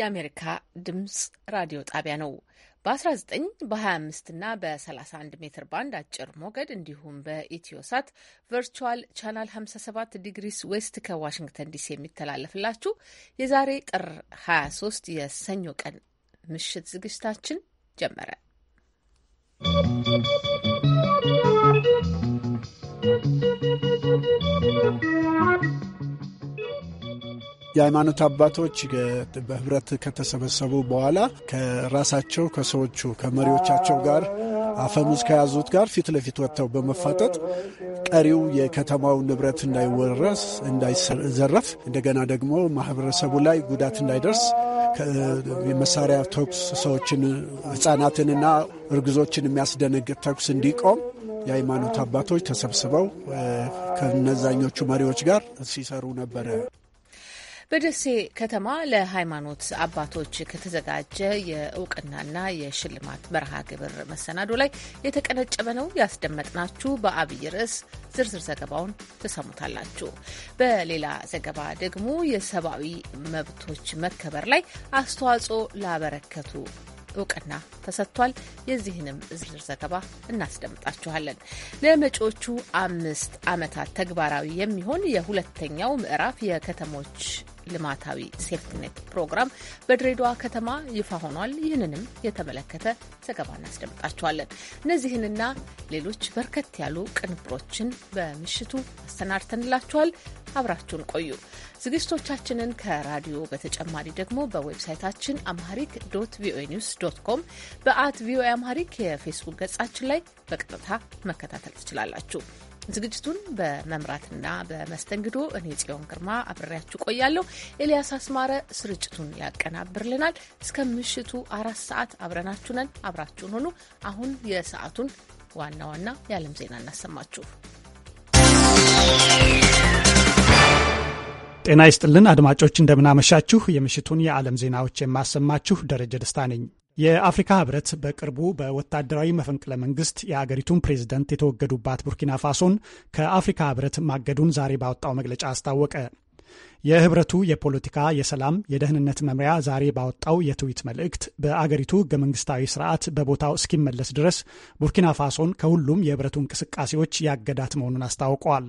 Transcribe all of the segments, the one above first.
የአሜሪካ ድምጽ ራዲዮ ጣቢያ ነው። በ19 በ25 እና በ31 ሜትር ባንድ አጭር ሞገድ እንዲሁም በኢትዮሳት ቨርቹዋል ቻናል 57 ዲግሪስ ዌስት ከዋሽንግተን ዲሲ የሚተላለፍላችሁ የዛሬ ጥር 23 የሰኞ ቀን ምሽት ዝግጅታችን ጀመረ። ¶¶ የሃይማኖት አባቶች በህብረት ከተሰበሰቡ በኋላ ከራሳቸው ከሰዎቹ ከመሪዎቻቸው ጋር አፈሙዝ ከያዙት ጋር ፊት ለፊት ወጥተው በመፋጠጥ ቀሪው የከተማው ንብረት እንዳይወረስ እንዳይዘረፍ፣ እንደገና ደግሞ ማህበረሰቡ ላይ ጉዳት እንዳይደርስ የመሳሪያ ተኩስ ሰዎችን ህጻናትንና እርግዞችን የሚያስደነግጥ ተኩስ እንዲቆም የሃይማኖት አባቶች ተሰብስበው ከነዛኞቹ መሪዎች ጋር ሲሰሩ ነበረ። በደሴ ከተማ ለሃይማኖት አባቶች ከተዘጋጀ የእውቅናና የሽልማት መርሃ ግብር መሰናዶ ላይ የተቀነጨበ ነው ያስደመጥናችሁ። በአብይ ርዕስ ዝርዝር ዘገባውን ትሰሙታላችሁ። በሌላ ዘገባ ደግሞ የሰብአዊ መብቶች መከበር ላይ አስተዋጽኦ ላበረከቱ እውቅና ተሰጥቷል። የዚህንም ዝርዝር ዘገባ እናስደምጣችኋለን። ለመጪዎቹ አምስት ዓመታት ተግባራዊ የሚሆን የሁለተኛው ምዕራፍ የከተሞች ልማታዊ ሴፍትኔት ፕሮግራም በድሬዳዋ ከተማ ይፋ ሆኗል። ይህንንም የተመለከተ ዘገባ እናስደምጣቸዋለን እነዚህንና ሌሎች በርከት ያሉ ቅንብሮችን በምሽቱ አሰናድተንላችኋል። አብራችሁን ቆዩ። ዝግጅቶቻችንን ከራዲዮ በተጨማሪ ደግሞ በዌብሳይታችን አምሃሪክ ዶት ቪኦኤ ኒውስ ዶት ኮም በአት ቪኦኤ አምሃሪክ የፌስቡክ ገጻችን ላይ በቀጥታ መከታተል ትችላላችሁ። ዝግጅቱን በመምራትና በመስተንግዶ እኔ ጽዮን ግርማ አብሬያችሁ ቆያለሁ። ኤልያስ አስማረ ስርጭቱን ያቀናብርልናል። እስከ ምሽቱ አራት ሰዓት አብረናችሁ ነን። አብራችሁን ሆኑ። አሁን የሰዓቱን ዋና ዋና የዓለም ዜና እናሰማችሁ። ጤና ይስጥልን አድማጮች፣ እንደምናመሻችሁ። የምሽቱን የዓለም ዜናዎች የማሰማችሁ ደረጀ ደስታ ነኝ። የአፍሪካ ህብረት በቅርቡ በወታደራዊ መፈንቅለ መንግስት የአገሪቱን ፕሬዝደንት የተወገዱባት ቡርኪና ፋሶን ከአፍሪካ ህብረት ማገዱን ዛሬ ባወጣው መግለጫ አስታወቀ። የህብረቱ የፖለቲካ፣ የሰላም፣ የደህንነት መምሪያ ዛሬ ባወጣው የትዊት መልእክት በአገሪቱ ህገ መንግስታዊ ስርዓት በቦታው እስኪመለስ ድረስ ቡርኪና ፋሶን ከሁሉም የህብረቱ እንቅስቃሴዎች ያገዳት መሆኑን አስታውቀዋል።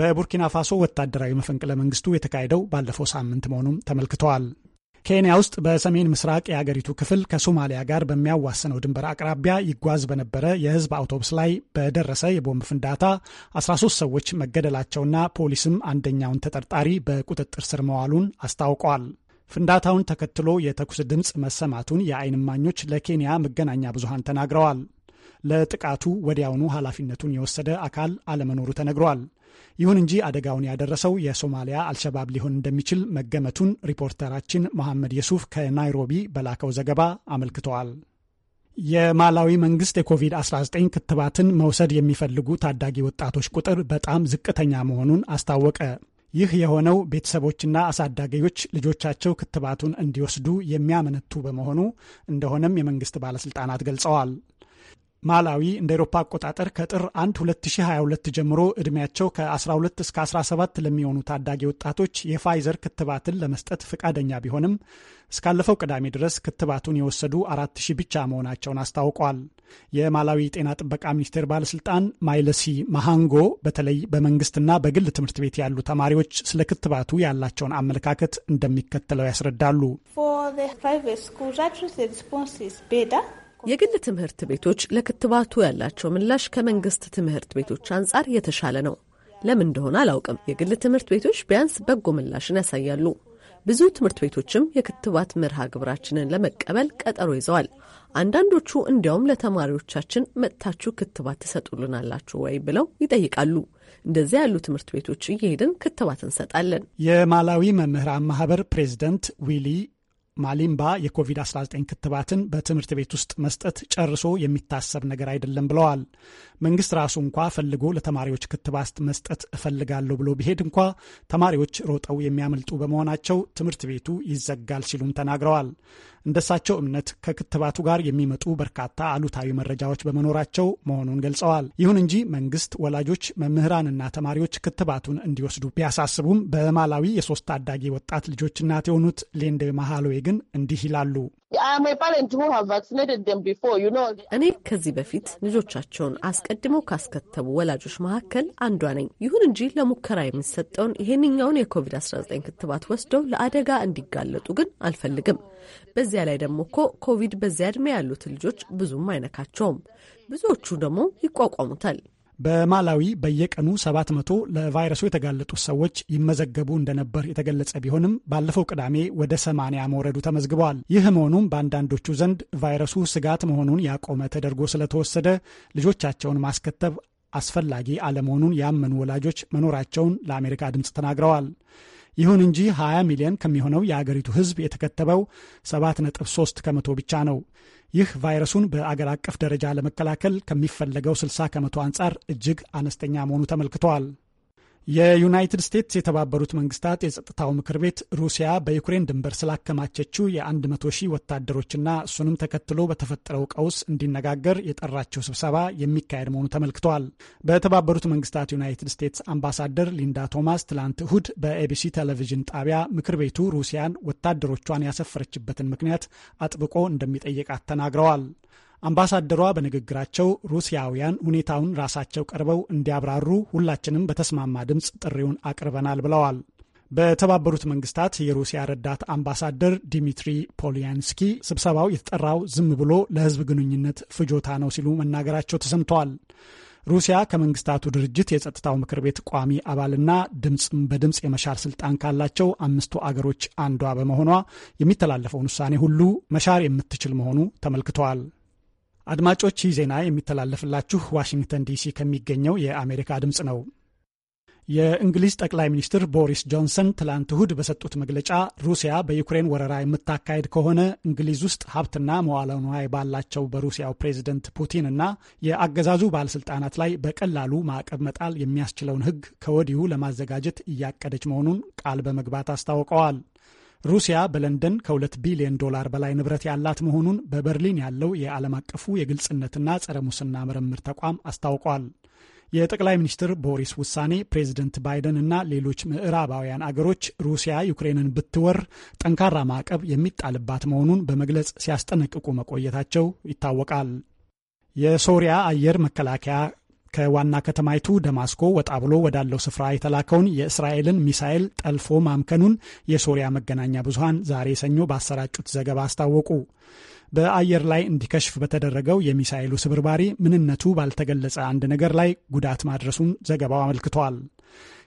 በቡርኪና ፋሶ ወታደራዊ መፈንቅለ መንግስቱ የተካሄደው ባለፈው ሳምንት መሆኑም ተመልክተዋል። ኬንያ ውስጥ በሰሜን ምስራቅ የአገሪቱ ክፍል ከሶማሊያ ጋር በሚያዋስነው ድንበር አቅራቢያ ይጓዝ በነበረ የህዝብ አውቶቡስ ላይ በደረሰ የቦምብ ፍንዳታ 13 ሰዎች መገደላቸውና ፖሊስም አንደኛውን ተጠርጣሪ በቁጥጥር ስር መዋሉን አስታውቋል። ፍንዳታውን ተከትሎ የተኩስ ድምፅ መሰማቱን የአይን እማኞች ለኬንያ መገናኛ ብዙሃን ተናግረዋል። ለጥቃቱ ወዲያውኑ ኃላፊነቱን የወሰደ አካል አለመኖሩ ተነግሯል። ይሁን እንጂ አደጋውን ያደረሰው የሶማሊያ አልሸባብ ሊሆን እንደሚችል መገመቱን ሪፖርተራችን መሐመድ የሱፍ ከናይሮቢ በላከው ዘገባ አመልክተዋል። የማላዊ መንግስት የኮቪድ-19 ክትባትን መውሰድ የሚፈልጉ ታዳጊ ወጣቶች ቁጥር በጣም ዝቅተኛ መሆኑን አስታወቀ። ይህ የሆነው ቤተሰቦችና አሳዳጊዎች ልጆቻቸው ክትባቱን እንዲወስዱ የሚያመነቱ በመሆኑ እንደሆነም የመንግስት ባለስልጣናት ገልጸዋል። ማላዊ እንደ ኤሮፓ አቆጣጠር ከጥር 1 2022 ጀምሮ ዕድሜያቸው ከ12 እስከ 17 ለሚሆኑ ታዳጊ ወጣቶች የፋይዘር ክትባትን ለመስጠት ፈቃደኛ ቢሆንም እስካለፈው ቅዳሜ ድረስ ክትባቱን የወሰዱ 4000 ብቻ መሆናቸውን አስታውቋል። የማላዊ ጤና ጥበቃ ሚኒስቴር ባለስልጣን ማይለሲ ማሃንጎ በተለይ በመንግስትና በግል ትምህርት ቤት ያሉ ተማሪዎች ስለ ክትባቱ ያላቸውን አመለካከት እንደሚከተለው ያስረዳሉ። የግል ትምህርት ቤቶች ለክትባቱ ያላቸው ምላሽ ከመንግስት ትምህርት ቤቶች አንጻር የተሻለ ነው። ለምን እንደሆነ አላውቅም። የግል ትምህርት ቤቶች ቢያንስ በጎ ምላሽን ያሳያሉ። ብዙ ትምህርት ቤቶችም የክትባት መርሃ ግብራችንን ለመቀበል ቀጠሮ ይዘዋል። አንዳንዶቹ እንዲያውም ለተማሪዎቻችን መጥታችሁ ክትባት ትሰጡልናላችሁ ወይ ብለው ይጠይቃሉ። እንደዚያ ያሉ ትምህርት ቤቶች እየሄድን ክትባት እንሰጣለን። የማላዊ መምህራን ማህበር ፕሬዚደንት ዊሊ ማሊምባ የኮቪድ-19 ክትባትን በትምህርት ቤት ውስጥ መስጠት ጨርሶ የሚታሰብ ነገር አይደለም ብለዋል። መንግስት ራሱ እንኳ ፈልጎ ለተማሪዎች ክትባት መስጠት እፈልጋለሁ ብሎ ቢሄድ እንኳ ተማሪዎች ሮጠው የሚያመልጡ በመሆናቸው ትምህርት ቤቱ ይዘጋል ሲሉም ተናግረዋል። እንደሳቸው እምነት ከክትባቱ ጋር የሚመጡ በርካታ አሉታዊ መረጃዎች በመኖራቸው መሆኑን ገልጸዋል። ይሁን እንጂ መንግስት ወላጆች፣ መምህራንና ተማሪዎች ክትባቱን እንዲወስዱ ቢያሳስቡም በማላዊ የሶስት ታዳጊ ወጣት ልጆች እናት የሆኑት ሌንዴ ማሃሎዌ ግን እንዲህ ይላሉ። Uh, እኔ ከዚህ በፊት ልጆቻቸውን አስቀድመው ካስከተቡ ወላጆች መካከል አንዷ ነኝ። ይሁን እንጂ ለሙከራ የሚሰጠውን ይሄንኛውን የኮቪድ-19 ክትባት ወስደው ለአደጋ እንዲጋለጡ ግን አልፈልግም። በዚያ ላይ ደግሞ እኮ ኮቪድ በዚያ ዕድሜ ያሉት ልጆች ብዙም አይነካቸውም። ብዙዎቹ ደግሞ ይቋቋሙታል። በማላዊ በየቀኑ 700 ለቫይረሱ የተጋለጡ ሰዎች ይመዘገቡ እንደነበር የተገለጸ ቢሆንም ባለፈው ቅዳሜ ወደ 80 መውረዱ ተመዝግበዋል። ይህ መሆኑም በአንዳንዶቹ ዘንድ ቫይረሱ ስጋት መሆኑን ያቆመ ተደርጎ ስለተወሰደ ልጆቻቸውን ማስከተብ አስፈላጊ አለመሆኑን ያመኑ ወላጆች መኖራቸውን ለአሜሪካ ድምፅ ተናግረዋል። ይሁን እንጂ 20 ሚሊዮን ከሚሆነው የአገሪቱ ሕዝብ የተከተበው 7.3 ከመቶ ብቻ ነው። ይህ ቫይረሱን በአገር አቀፍ ደረጃ ለመከላከል ከሚፈለገው 60 ከመቶ አንጻር እጅግ አነስተኛ መሆኑ ተመልክተዋል። የዩናይትድ ስቴትስ የተባበሩት መንግስታት የጸጥታው ምክር ቤት ሩሲያ በዩክሬን ድንበር ስላከማቸችው የ100 ሺህ ወታደሮችና እሱንም ተከትሎ በተፈጠረው ቀውስ እንዲነጋገር የጠራቸው ስብሰባ የሚካሄድ መሆኑ ተመልክተዋል። በተባበሩት መንግስታት ዩናይትድ ስቴትስ አምባሳደር ሊንዳ ቶማስ ትላንት እሁድ በኤቢሲ ቴሌቪዥን ጣቢያ ምክር ቤቱ ሩሲያን ወታደሮቿን ያሰፈረችበትን ምክንያት አጥብቆ እንደሚጠይቃት ተናግረዋል። አምባሳደሯ በንግግራቸው ሩሲያውያን ሁኔታውን ራሳቸው ቀርበው እንዲያብራሩ ሁላችንም በተስማማ ድምፅ ጥሪውን አቅርበናል ብለዋል። በተባበሩት መንግስታት የሩሲያ ረዳት አምባሳደር ዲሚትሪ ፖሊያንስኪ ስብሰባው የተጠራው ዝም ብሎ ለህዝብ ግንኙነት ፍጆታ ነው ሲሉ መናገራቸው ተሰምተዋል። ሩሲያ ከመንግስታቱ ድርጅት የጸጥታው ምክር ቤት ቋሚ አባልና ድምፅም በድምፅ የመሻር ስልጣን ካላቸው አምስቱ አገሮች አንዷ በመሆኗ የሚተላለፈውን ውሳኔ ሁሉ መሻር የምትችል መሆኑ ተመልክተዋል። አድማጮች ይህ ዜና የሚተላለፍላችሁ ዋሽንግተን ዲሲ ከሚገኘው የአሜሪካ ድምፅ ነው። የእንግሊዝ ጠቅላይ ሚኒስትር ቦሪስ ጆንሰን ትላንት እሁድ በሰጡት መግለጫ ሩሲያ በዩክሬን ወረራ የምታካሄድ ከሆነ እንግሊዝ ውስጥ ሀብትና መዋለ ንዋይ ባላቸው በሩሲያው ፕሬዝደንት ፑቲን እና የአገዛዙ ባለስልጣናት ላይ በቀላሉ ማዕቀብ መጣል የሚያስችለውን ሕግ ከወዲሁ ለማዘጋጀት እያቀደች መሆኑን ቃል በመግባት አስታውቀዋል። ሩሲያ በለንደን ከ2 ቢሊዮን ዶላር በላይ ንብረት ያላት መሆኑን በበርሊን ያለው የዓለም አቀፉ የግልጽነትና ጸረ ሙስና ምርምር ተቋም አስታውቋል። የጠቅላይ ሚኒስትር ቦሪስ ውሳኔ ፕሬዚደንት ባይደን እና ሌሎች ምዕራባውያን አገሮች ሩሲያ ዩክሬንን ብትወር ጠንካራ ማዕቀብ የሚጣልባት መሆኑን በመግለጽ ሲያስጠነቅቁ መቆየታቸው ይታወቃል። የሶሪያ አየር መከላከያ ከዋና ከተማይቱ ደማስቆ ወጣ ብሎ ወዳለው ስፍራ የተላከውን የእስራኤልን ሚሳኤል ጠልፎ ማምከኑን የሶሪያ መገናኛ ብዙሃን ዛሬ ሰኞ ባሰራጩት ዘገባ አስታወቁ። በአየር ላይ እንዲከሽፍ በተደረገው የሚሳኤሉ ስብርባሪ ምንነቱ ባልተገለጸ አንድ ነገር ላይ ጉዳት ማድረሱን ዘገባው አመልክቷል።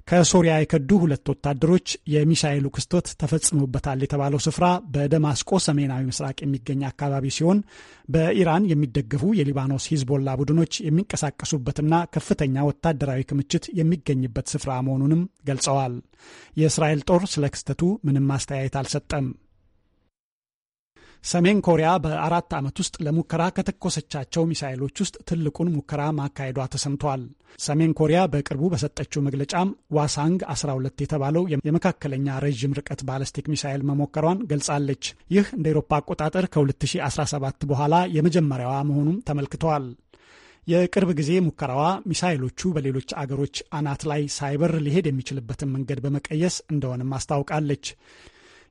ከሶሪያ የከዱ ሁለት ወታደሮች የሚሳኤሉ ክስተት ተፈጽሞበታል የተባለው ስፍራ በደማስቆ ሰሜናዊ ምስራቅ የሚገኝ አካባቢ ሲሆን በኢራን የሚደገፉ የሊባኖስ ሂዝቦላ ቡድኖች የሚንቀሳቀሱበትና ከፍተኛ ወታደራዊ ክምችት የሚገኝበት ስፍራ መሆኑንም ገልጸዋል። የእስራኤል ጦር ስለ ክስተቱ ምንም አስተያየት አልሰጠም። ሰሜን ኮሪያ በአራት ዓመት ውስጥ ለሙከራ ከተኮሰቻቸው ሚሳይሎች ውስጥ ትልቁን ሙከራ ማካሄዷ ተሰምቷል። ሰሜን ኮሪያ በቅርቡ በሰጠችው መግለጫም ዋሳንግ 12 የተባለው የመካከለኛ ረዥም ርቀት ባለስቲክ ሚሳይል መሞከሯን ገልጻለች። ይህ እንደ ኤሮፓ አቆጣጠር ከ2017 በኋላ የመጀመሪያዋ መሆኑም ተመልክተዋል። የቅርብ ጊዜ ሙከራዋ ሚሳይሎቹ በሌሎች አገሮች አናት ላይ ሳይበር ሊሄድ የሚችልበትን መንገድ በመቀየስ እንደሆነም አስታውቃለች።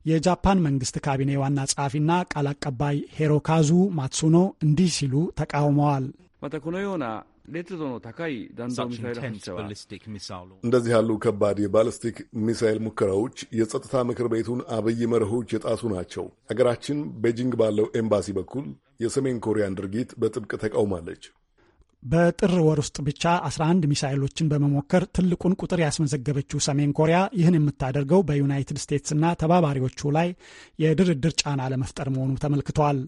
የጃፓን መንግስት ካቢኔ ዋና ጸሐፊና ቃል አቀባይ ሄሮካዙ ማትሱኖ እንዲህ ሲሉ ተቃውመዋል። እንደዚህ ያሉ ከባድ የባለስቲክ ሚሳይል ሙከራዎች የጸጥታ ምክር ቤቱን አብይ መርሆች የጣሱ ናቸው። አገራችን ቤጂንግ ባለው ኤምባሲ በኩል የሰሜን ኮሪያን ድርጊት በጥብቅ ተቃውማለች። በጥር ወር ውስጥ ብቻ 11 ሚሳይሎችን በመሞከር ትልቁን ቁጥር ያስመዘገበችው ሰሜን ኮሪያ ይህን የምታደርገው በዩናይትድ ስቴትስና ተባባሪዎቹ ላይ የድርድር ጫና ለመፍጠር መሆኑ ተመልክቷል።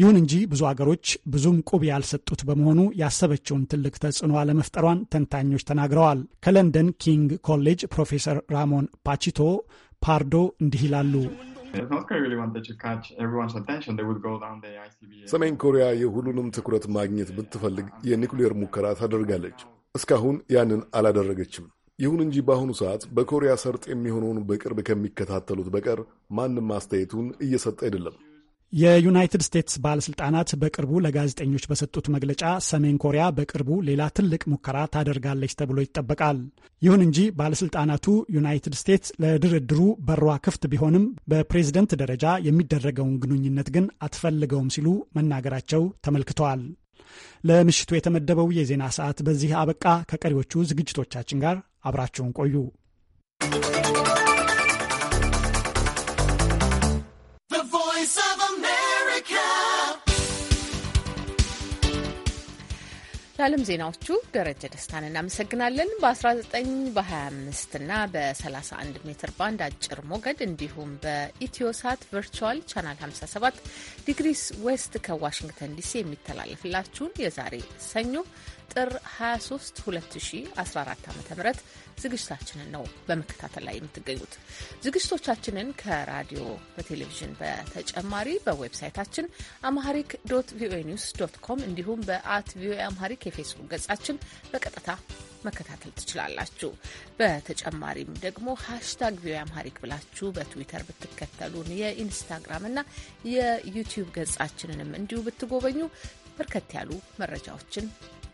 ይሁን እንጂ ብዙ አገሮች ብዙም ቁብ ያልሰጡት በመሆኑ ያሰበችውን ትልቅ ተጽዕኖ አለመፍጠሯን ተንታኞች ተናግረዋል። ከለንደን ኪንግ ኮሌጅ ፕሮፌሰር ራሞን ፓቺቶ ፓርዶ እንዲህ ይላሉ። ሰሜን ኮሪያ የሁሉንም ትኩረት ማግኘት ብትፈልግ የኒውክሌር ሙከራ ታደርጋለች። እስካሁን ያንን አላደረገችም። ይሁን እንጂ በአሁኑ ሰዓት በኮሪያ ሰርጥ የሚሆነውን በቅርብ ከሚከታተሉት በቀር ማንም አስተያየቱን እየሰጠ አይደለም። የዩናይትድ ስቴትስ ባለስልጣናት በቅርቡ ለጋዜጠኞች በሰጡት መግለጫ ሰሜን ኮሪያ በቅርቡ ሌላ ትልቅ ሙከራ ታደርጋለች ተብሎ ይጠበቃል። ይሁን እንጂ ባለስልጣናቱ ዩናይትድ ስቴትስ ለድርድሩ በሯ ክፍት ቢሆንም በፕሬዝደንት ደረጃ የሚደረገውን ግንኙነት ግን አትፈልገውም ሲሉ መናገራቸው ተመልክተዋል። ለምሽቱ የተመደበው የዜና ሰዓት በዚህ አበቃ። ከቀሪዎቹ ዝግጅቶቻችን ጋር አብራችሁን ቆዩ። ለዓለም ዜናዎቹ ደረጀ ደስታን እናመሰግናለን። በ19 በ25 እና በ31 ሜትር ባንድ አጭር ሞገድ እንዲሁም በኢትዮሳት ቨርቹዋል ቻናል 57 ዲግሪስ ዌስት ከዋሽንግተን ዲሲ የሚተላለፍላችሁን የዛሬ ሰኞ ጥር 23 2014 ዓ ም ዝግጅታችንን ነው በመከታተል ላይ የምትገኙት። ዝግጅቶቻችንን ከራዲዮ በቴሌቪዥን በተጨማሪ በዌብሳይታችን አማሪክ ዶት ቪኦኤ ኒውስ ዶት ኮም እንዲሁም በአት ቪኦኤ አማሪክ የፌስቡክ ገጻችን በቀጥታ መከታተል ትችላላችሁ። በተጨማሪም ደግሞ ሃሽታግ ቪኦ አምሃሪክ ብላችሁ በትዊተር ብትከተሉን የኢንስታግራም እና የዩቲዩብ ገጻችንንም እንዲሁ ብትጎበኙ በርከት ያሉ መረጃዎችን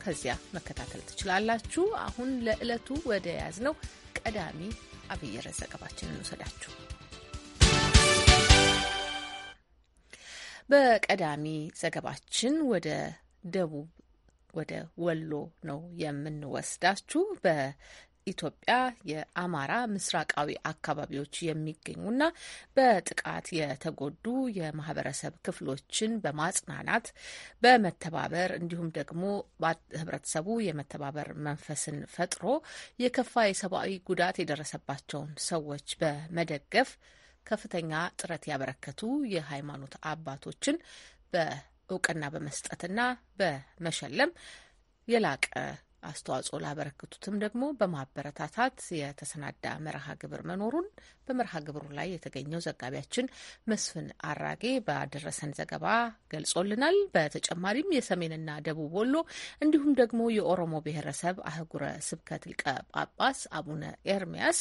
ከዚያ መከታተል ትችላላችሁ። አሁን ለዕለቱ ወደ ያዝ ነው ቀዳሚ አብይ ርዕስ ዘገባችንን እንውሰዳችሁ። በቀዳሚ ዘገባችን ወደ ደቡብ ወደ ወሎ ነው የምንወስዳችሁ። ኢትዮጵያ የአማራ ምስራቃዊ አካባቢዎች የሚገኙና በጥቃት የተጎዱ የማህበረሰብ ክፍሎችን በማጽናናት በመተባበር እንዲሁም ደግሞ ህብረተሰቡ የመተባበር መንፈስን ፈጥሮ የከፋ የሰብአዊ ጉዳት የደረሰባቸውን ሰዎች በመደገፍ ከፍተኛ ጥረት ያበረከቱ የሃይማኖት አባቶችን በእውቅና በመስጠትና በመሸለም የላቀ አስተዋጽኦ ላበረከቱትም ደግሞ በማበረታታት የተሰናዳ መርሃ ግብር መኖሩን በመርሃ ግብሩ ላይ የተገኘው ዘጋቢያችን መስፍን አራጌ ባደረሰን ዘገባ ገልጾልናል። በተጨማሪም የሰሜንና ደቡብ ወሎ እንዲሁም ደግሞ የኦሮሞ ብሔረሰብ አህጉረ ስብከት ሊቀ ጳጳስ አቡነ ኤርሚያስ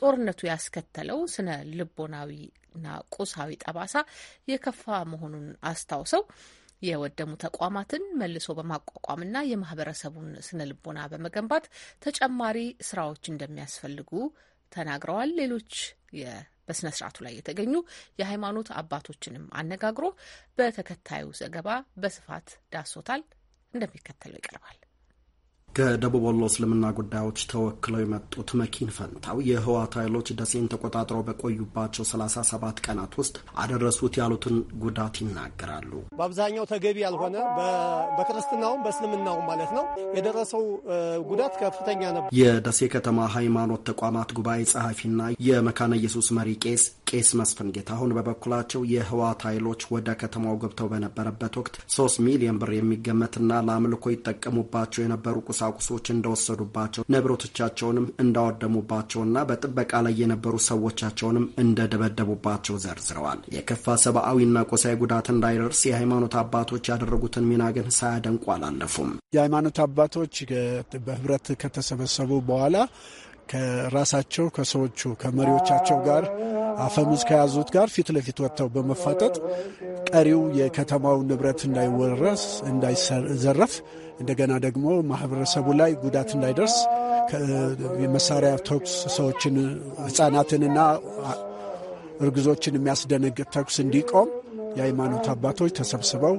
ጦርነቱ ያስከተለው ስነ ልቦናዊና ቁሳዊ ጠባሳ የከፋ መሆኑን አስታውሰው የወደሙ ተቋማትን መልሶ በማቋቋምና የማህበረሰቡን ስነ ልቦና በመገንባት ተጨማሪ ስራዎች እንደሚያስፈልጉ ተናግረዋል። ሌሎች በስነ ስርዓቱ ላይ የተገኙ የሃይማኖት አባቶችንም አነጋግሮ በተከታዩ ዘገባ በስፋት ዳሶታል። እንደሚከተለው ይቀርባል። ከደቡብ ወሎ እስልምና ጉዳዮች ተወክለው የመጡት መኪን ፈንታው የህወሓት ኃይሎች ደሴን ተቆጣጥረው በቆዩባቸው 37 ቀናት ውስጥ አደረሱት ያሉትን ጉዳት ይናገራሉ። በአብዛኛው ተገቢ ያልሆነ በክርስትናውም በእስልምናውም ማለት ነው የደረሰው ጉዳት ከፍተኛ ነበር። የደሴ ከተማ ሃይማኖት ተቋማት ጉባኤ ጸሐፊና የመካነ ኢየሱስ መሪ ቄስ ቄስ መስፍን ጌታሁን በበኩላቸው የህወሓት ኃይሎች ወደ ከተማው ገብተው በነበረበት ወቅት 3 ሚሊዮን ብር የሚገመትና ለአምልኮ ይጠቀሙባቸው የነበሩ ቁሳ ቁሳቁሶች እንደወሰዱባቸው ንብረቶቻቸውንም እንዳወደሙባቸውና በጥበቃ ላይ የነበሩ ሰዎቻቸውንም እንደደበደቡባቸው ዘርዝረዋል። የከፋ ሰብአዊና ቁሳዊ ጉዳት እንዳይደርስ የሃይማኖት አባቶች ያደረጉትን ሚና ግን ሳያደንቁ አላለፉም። የሃይማኖት አባቶች በህብረት ከተሰበሰቡ በኋላ ከራሳቸው ከሰዎቹ ከመሪዎቻቸው ጋር አፈሙዝ ከያዙት ጋር ፊት ለፊት ወጥተው በመፋጠጥ ቀሪው የከተማው ንብረት እንዳይወረስ እንዳይዘረፍ፣ እንደገና ደግሞ ማህበረሰቡ ላይ ጉዳት እንዳይደርስ የመሳሪያ ተኩስ ሰዎችን ህጻናትንና እርግዞችን የሚያስደነግጥ ተኩስ እንዲቆም የሃይማኖት አባቶች ተሰብስበው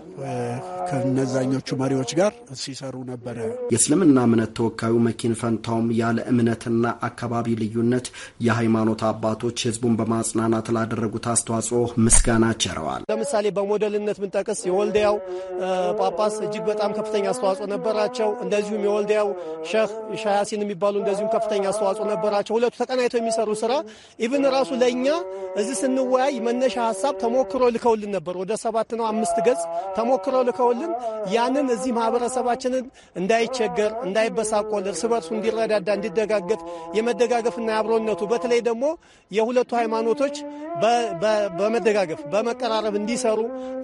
ከነዛኞቹ መሪዎች ጋር ሲሰሩ ነበረ። የእስልምና እምነት ተወካዩ መኪን ፈንታውም ያለ እምነትና አካባቢ ልዩነት የሃይማኖት አባቶች ህዝቡን በማጽናናት ላደረጉት አስተዋጽኦ ምስጋና ቸረዋል። ለምሳሌ በሞዴልነት ብንጠቅስ የወልዲያው ጳጳስ እጅግ በጣም ከፍተኛ አስተዋጽኦ ነበራቸው። እንደዚሁም የወልዲያው ሼህ ሻያሲን የሚባሉ እንደዚሁም ከፍተኛ አስተዋጽኦ ነበራቸው። ሁለቱ ተቀናይተው የሚሰሩ ስራ ኢብን ራሱ ለእኛ እዚህ ስንወያይ መነሻ ሀሳብ ተሞክሮ ልከውልን ነበር ነበር። ወደ ሰባት ነው አምስት ገጽ ተሞክሮ ልከውልን ያንን እዚህ ማህበረሰባችንን እንዳይቸገር፣ እንዳይበሳቆል፣ እርስ በርሱ እንዲረዳዳ፣ እንዲደጋገፍ የመደጋገፍና የአብሮነቱ በተለይ ደግሞ የሁለቱ ሃይማኖቶች በመደጋገፍ በመቀራረብ እንዲሰሩ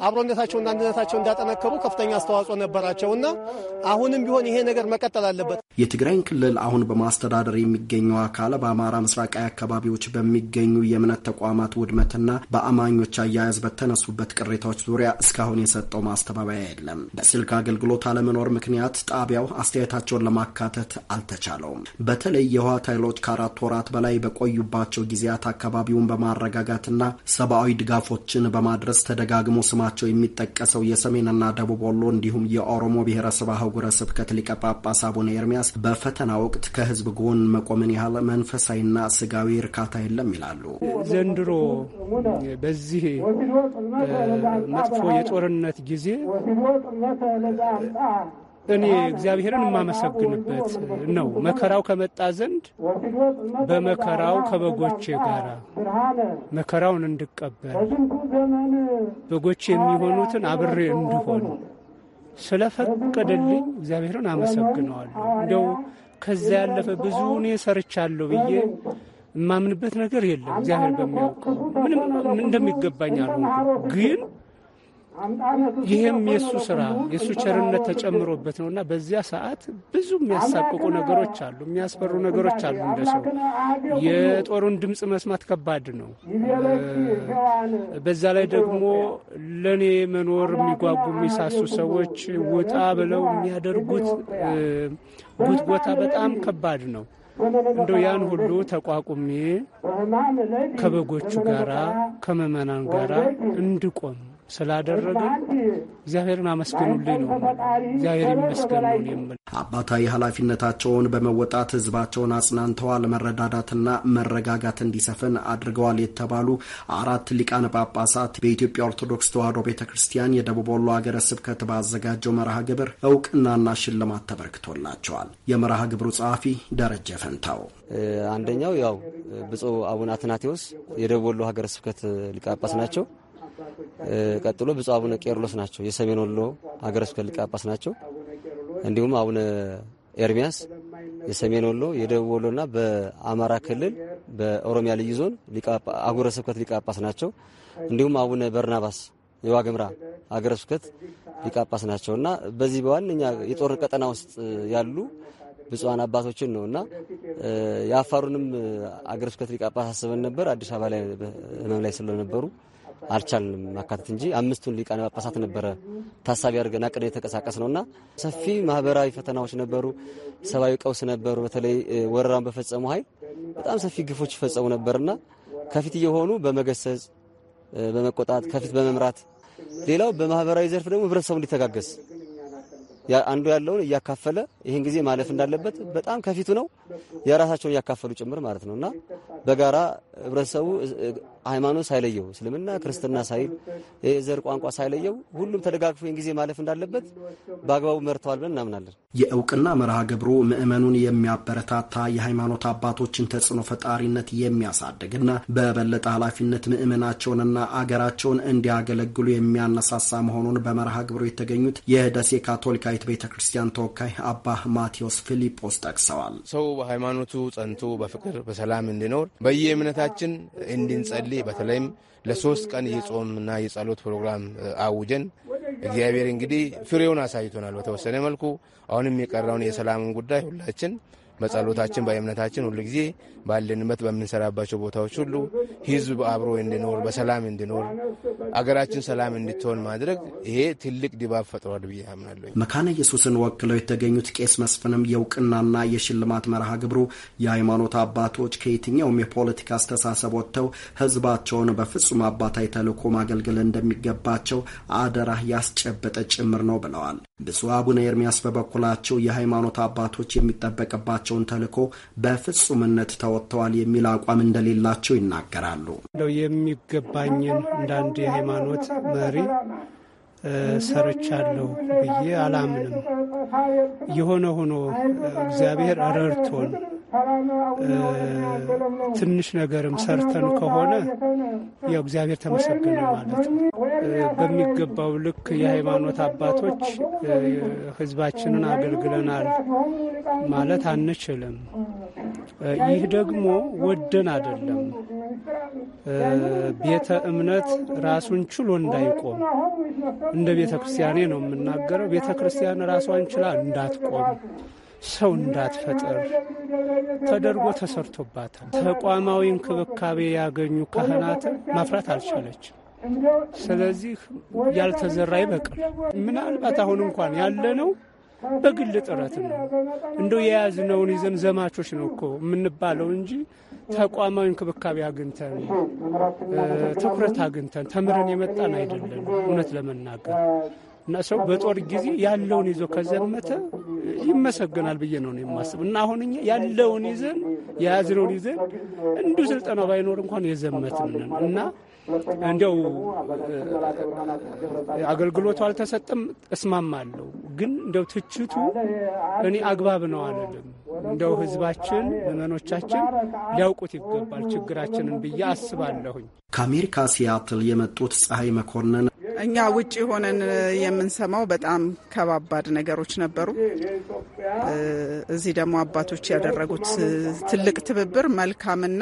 አብሮነታቸውና አንድነታቸው እንዳጠነከሩ ከፍተኛ አስተዋጽኦ ነበራቸውና አሁንም ቢሆን ይሄ ነገር መቀጠል አለበት። የትግራይን ክልል አሁን በማስተዳደር የሚገኘው አካል በአማራ ምስራቃዊ አካባቢዎች በሚገኙ የእምነት ተቋማት ውድመትና በአማኞች አያያዝ በተነሱበት ቅሬታዎች ዙሪያ እስካሁን የሰጠው ማስተባበያ የለም። በስልክ አገልግሎት አለመኖር ምክንያት ጣቢያው አስተያየታቸውን ለማካተት አልተቻለውም። በተለይ የህወሓት ኃይሎች ከአራት ወራት በላይ በቆዩባቸው ጊዜያት አካባቢውን በማረጋጋትና ሰብአዊ ድጋፎችን በማድረስ ተደጋግሞ ስማቸው የሚጠቀሰው የሰሜንና ደቡብ ወሎ እንዲሁም የኦሮሞ ብሔረሰብ አህጉረ ስብከት ሊቀ ጳጳስ አቡነ ኤርሚያስ በፈተና ወቅት ከህዝብ ጎን መቆምን ያህል መንፈሳዊና ስጋዊ እርካታ የለም ይላሉ። ዘንድሮ በዚህ መጥፎ የጦርነት ጊዜ እኔ እግዚአብሔርን የማመሰግንበት ነው። መከራው ከመጣ ዘንድ በመከራው ከበጎቼ ጋር መከራውን እንድቀበል በጎቼ የሚሆኑትን አብሬ እንድሆን ስለፈቀደልኝ እግዚአብሔርን አመሰግነዋለሁ። እንደው ከዚያ ያለፈ ብዙ እኔ ሰርቻለሁ ብዬ የማምንበት ነገር የለም። እግዚአብሔር በሚያውቀው ምንም እንደሚገባኝ አልሆንኩም ግን ይህም የእሱ ስራ የእሱ ቸርነት ተጨምሮበት ነው እና በዚያ ሰዓት ብዙ የሚያሳቅቁ ነገሮች አሉ፣ የሚያስፈሩ ነገሮች አሉ። እንደ ሰው የጦሩን ድምፅ መስማት ከባድ ነው። በዛ ላይ ደግሞ ለእኔ መኖር የሚጓጉ የሚሳሱ ሰዎች ውጣ ብለው የሚያደርጉት ጉትጎታ በጣም ከባድ ነው። እንደ ያን ሁሉ ተቋቁሜ ከበጎቹ ጋራ ከመመናን ጋራ እንድቆም ስላደረገን እግዚአብሔርን አመስግኑልኝ ነው። እግዚአብሔር ይመስገን ነው የምል አባታዊ ኃላፊነታቸውን በመወጣት ህዝባቸውን አጽናንተዋል። መረዳዳትና መረጋጋት እንዲሰፍን አድርገዋል የተባሉ አራት ሊቃነ ጳጳሳት በኢትዮጵያ ኦርቶዶክስ ተዋሕዶ ቤተ ክርስቲያን የደቡብ ወሎ ሀገረ ስብከት ባዘጋጀው መርሃ ግብር እውቅናና ሽልማት ተበርክቶላቸዋል። የመርሃ ግብሩ ጸሐፊ ደረጀ ፈንታው አንደኛው ያው ብፁዕ አቡነ አትናቴዎስ የደቡብ ወሎ ሀገረ ስብከት ሊቀ ጳጳስ ናቸው። ቀጥሎ ብፁዕ አቡነ ቄርሎስ ናቸው፣ የሰሜን ወሎ ሀገረ ስብከት ሊቀ ጳጳስ ናቸው። እንዲሁም አቡነ ኤርሚያስ የሰሜን ወሎ የደቡብ ወሎና በአማራ ክልል በኦሮሚያ ልዩ ዞን አህጉረ ስብከት ሊቀ ጳጳስ ናቸው። እንዲሁም አቡነ በርናባስ የዋግምራ ሀገረ ስብከት ሊቀ ጳጳስ ናቸው እና በዚህ በዋነኛ የጦር ቀጠና ውስጥ ያሉ ብፁዓን አባቶችን ነው እና የአፋሩንም አገረ ስብከት ሊቀ ጳጳስ አስበን ነበር። አዲስ አበባ ላይ ህመም ላይ ስለነበሩ አልቻልንም ማካተት እንጂ አምስቱን ሊቃነ ጳጳሳት ነበረ ታሳቢ አድርገን አቅደን የተንቀሳቀስ ነውና ሰፊ ማህበራዊ ፈተናዎች ነበሩ። ሰብአዊ ቀውስ ነበሩ። በተለይ ወረራን በፈጸሙ ኃይል በጣም ሰፊ ግፎች ይፈጸሙ ነበርና ከፊት እየሆኑ በመገሰጽ በመቆጣት ከፊት በመምራት ሌላው በማህበራዊ ዘርፍ ደግሞ ህብረተሰቡ እንዲተጋገዝ አንዱ ያለውን እያካፈለ ይህን ጊዜ ማለፍ እንዳለበት በጣም ከፊቱ ነው የራሳቸውን እያካፈሉ ጭምር ማለት ነው እና በጋራ ህብረተሰቡ ሃይማኖት ሳይለየው እስልምና ክርስትና ሳይል የዘር ቋንቋ ሳይለየው ሁሉም ተደጋግፎ ጊዜ ማለፍ እንዳለበት በአግባቡ መርተዋል ብለን እናምናለን። የእውቅና መርሃ ግብሩ ምዕመኑን የሚያበረታታ የሃይማኖት አባቶችን ተጽዕኖ ፈጣሪነት የሚያሳድግና በበለጠ ኃላፊነት ምዕመናቸውንና አገራቸውን እንዲያገለግሉ የሚያነሳሳ መሆኑን በመርሃ ግብሩ የተገኙት የደሴ ካቶሊካዊት ቤተ ክርስቲያን ተወካይ አባ ማቴዎስ ፊሊጶስ ጠቅሰዋል። ሰው በሃይማኖቱ ጸንቶ በፍቅር በሰላም እንዲኖር በየእምነታችን እንድንጸል በተለይም ለሶስት ቀን የጾምና የጸሎት ፕሮግራም አውጀን እግዚአብሔር እንግዲህ ፍሬውን አሳይቶናል በተወሰነ መልኩ። አሁንም የቀረውን የሰላምን ጉዳይ ሁላችን በጸሎታችን በእምነታችን ሁሉ ጊዜ ባለንበት በምንሰራባቸው ቦታዎች ሁሉ ህዝብ አብሮ እንዲኖር በሰላም እንዲኖር አገራችን ሰላም እንድትሆን ማድረግ ይሄ ትልቅ ድባብ ፈጥሯል ብዬ አምናለሁ። መካነ ኢየሱስን ወክለው የተገኙት ቄስ መስፍንም የእውቅናና የሽልማት መርሃ ግብሩ የሃይማኖት አባቶች ከየትኛውም የፖለቲካ አስተሳሰብ ወጥተው ህዝባቸውን በፍጹም አባታዊ ተልዕኮ ማገልገል እንደሚገባቸው አደራ ያስጨበጠ ጭምር ነው ብለዋል። ብፁዕ አቡነ ኤርሚያስ በበኩላቸው የሃይማኖት አባቶች የሚጠበቅባቸውን ተልኮ በፍጹምነት ተወጥተዋል የሚል አቋም እንደሌላቸው ይናገራሉ። የሚገባኝን እንዳንድ የሃይማኖት መሪ ሰርቻለሁ ብዬ አላምንም። የሆነ ሆኖ እግዚአብሔር ረድቶን ትንሽ ነገርም ሰርተን ከሆነ ያው እግዚአብሔር ተመሰገነ ማለት ነው። በሚገባው ልክ የሃይማኖት አባቶች ህዝባችንን አገልግለናል ማለት አንችልም። ይህ ደግሞ ወደን አይደለም። ቤተ እምነት ራሱን ችሎ እንዳይቆም እንደ ቤተ ክርስቲያኔ ነው የምናገረው። ቤተ ክርስቲያን ራሷን ችላ እንዳትቆም ሰው እንዳትፈጥር ተደርጎ ተሰርቶባታል። ተቋማዊ እንክብካቤ ያገኙ ካህናትን ማፍራት አልቻለችም። ስለዚህ ያልተዘራ ይበቅል። ምናልባት አሁን እንኳን ያለነው በግል ጥረት ነው። እንደው የያዝነውን ይዘን ዘማቾች ነው እኮ የምንባለው እንጂ ተቋማዊ እንክብካቤ አግኝተን ትኩረት አግኝተን ተምረን የመጣን አይደለም። እውነት ለመናገር እና ሰው በጦር ጊዜ ያለውን ይዞ ከዘመተ ይመሰገናል ብዬ ነው የማስብ እና አሁን ያለውን ይዘን የያዝነውን ይዘን እንዲሁ ስልጠና ባይኖር እንኳን የዘመትንን እና እንዲያው አገልግሎቱ አልተሰጠም እስማማለሁ። ግን እንደው ትችቱ እኔ አግባብ ነው አለልም። እንደው ህዝባችን ምዕመኖቻችን ሊያውቁት ይገባል ችግራችንን ብዬ አስባለሁኝ። ከአሜሪካ ሲያትል የመጡት ፀሐይ መኮንን እኛ ውጭ ሆነን የምንሰማው በጣም ከባባድ ነገሮች ነበሩ። እዚህ ደግሞ አባቶች ያደረጉት ትልቅ ትብብር መልካምና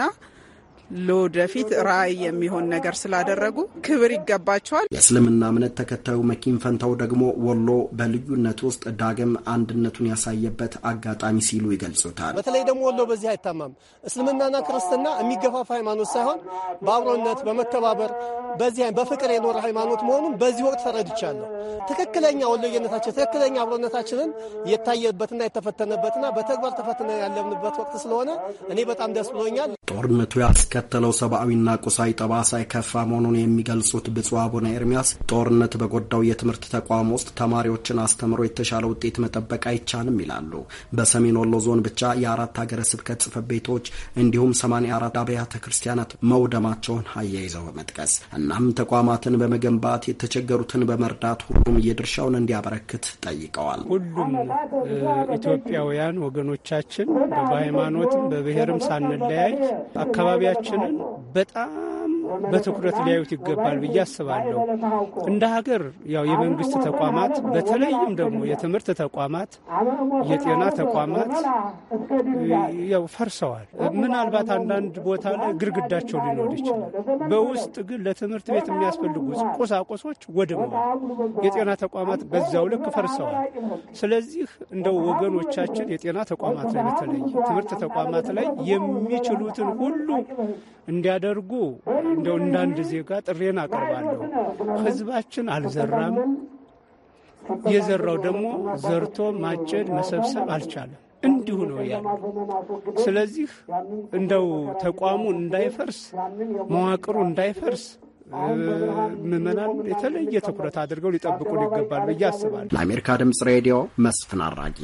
ለወደፊት ራዕይ የሚሆን ነገር ስላደረጉ ክብር ይገባቸዋል። የእስልምና እምነት ተከታዩ መኪን ፈንታው ደግሞ ወሎ በልዩነት ውስጥ ዳግም አንድነቱን ያሳየበት አጋጣሚ ሲሉ ይገልጹታል። በተለይ ደግሞ ወሎ በዚህ አይታማም። እስልምናና ክርስትና የሚገፋፍ ሃይማኖት ሳይሆን በአብሮነት በመተባበር በዚህ በፍቅር የኖረ ሃይማኖት መሆኑን በዚህ ወቅት ተረድቻለሁ። ትክክለኛ ወሎየነታችን ትክክለኛ አብሮነታችንን የታየበትና የተፈተነበትና በተግባር ተፈትነ ያለብንበት ወቅት ስለሆነ እኔ በጣም ደስ ብሎኛል። ጦርነቱ ያስከ ያስከተለው ሰብአዊና ቁሳዊ ጠባሳ የከፋ መሆኑን የሚገልጹት ብፁዕ አቡነ ኤርሚያስ ጦርነት በጎዳው የትምህርት ተቋም ውስጥ ተማሪዎችን አስተምሮ የተሻለ ውጤት መጠበቅ አይቻልም ይላሉ። በሰሜን ወሎ ዞን ብቻ የአራት ሀገረ ስብከት ጽፈት ቤቶች እንዲሁም 84 አብያተ ክርስቲያናት መውደማቸውን አያይዘው በመጥቀስ እናም ተቋማትን በመገንባት የተቸገሩትን በመርዳት ሁሉም የድርሻውን እንዲያበረክት ጠይቀዋል። ሁሉም ኢትዮጵያውያን ወገኖቻችን በሃይማኖትም በብሔርም ሳንለያይ አካባቢያ ፕሮዳክሽንን በጣም በትኩረት ሊያዩት ይገባል ብዬ አስባለሁ። እንደ ሀገር ያው የመንግስት ተቋማት በተለይም ደግሞ የትምህርት ተቋማት፣ የጤና ተቋማት ያው ፈርሰዋል። ምናልባት አንዳንድ ቦታ ላይ ግድግዳቸው ሊኖር ይችላል። በውስጥ ግን ለትምህርት ቤት የሚያስፈልጉ ቁሳቁሶች ወድመዋል። የጤና ተቋማት በዛው ልክ ፈርሰዋል። ስለዚህ እንደው ወገኖቻችን የጤና ተቋማት ላይ በተለይ ትምህርት ተቋማት ላይ የሚችሉትን ሁሉ እንዲያደርጉ እንደው እንዳንድ ዜጋ ጥሬን አቀርባለሁ። ህዝባችን አልዘራም። የዘራው ደግሞ ዘርቶ ማጨድ መሰብሰብ አልቻለም። እንዲሁ ነው ያለ። ስለዚህ እንደው ተቋሙ እንዳይፈርስ፣ መዋቅሩ እንዳይፈርስ ምዕመናን የተለየ ትኩረት አድርገው ሊጠብቁ ይገባል ብዬ አስባለሁ። ለአሜሪካ ድምፅ ሬዲዮ መስፍን አራጊ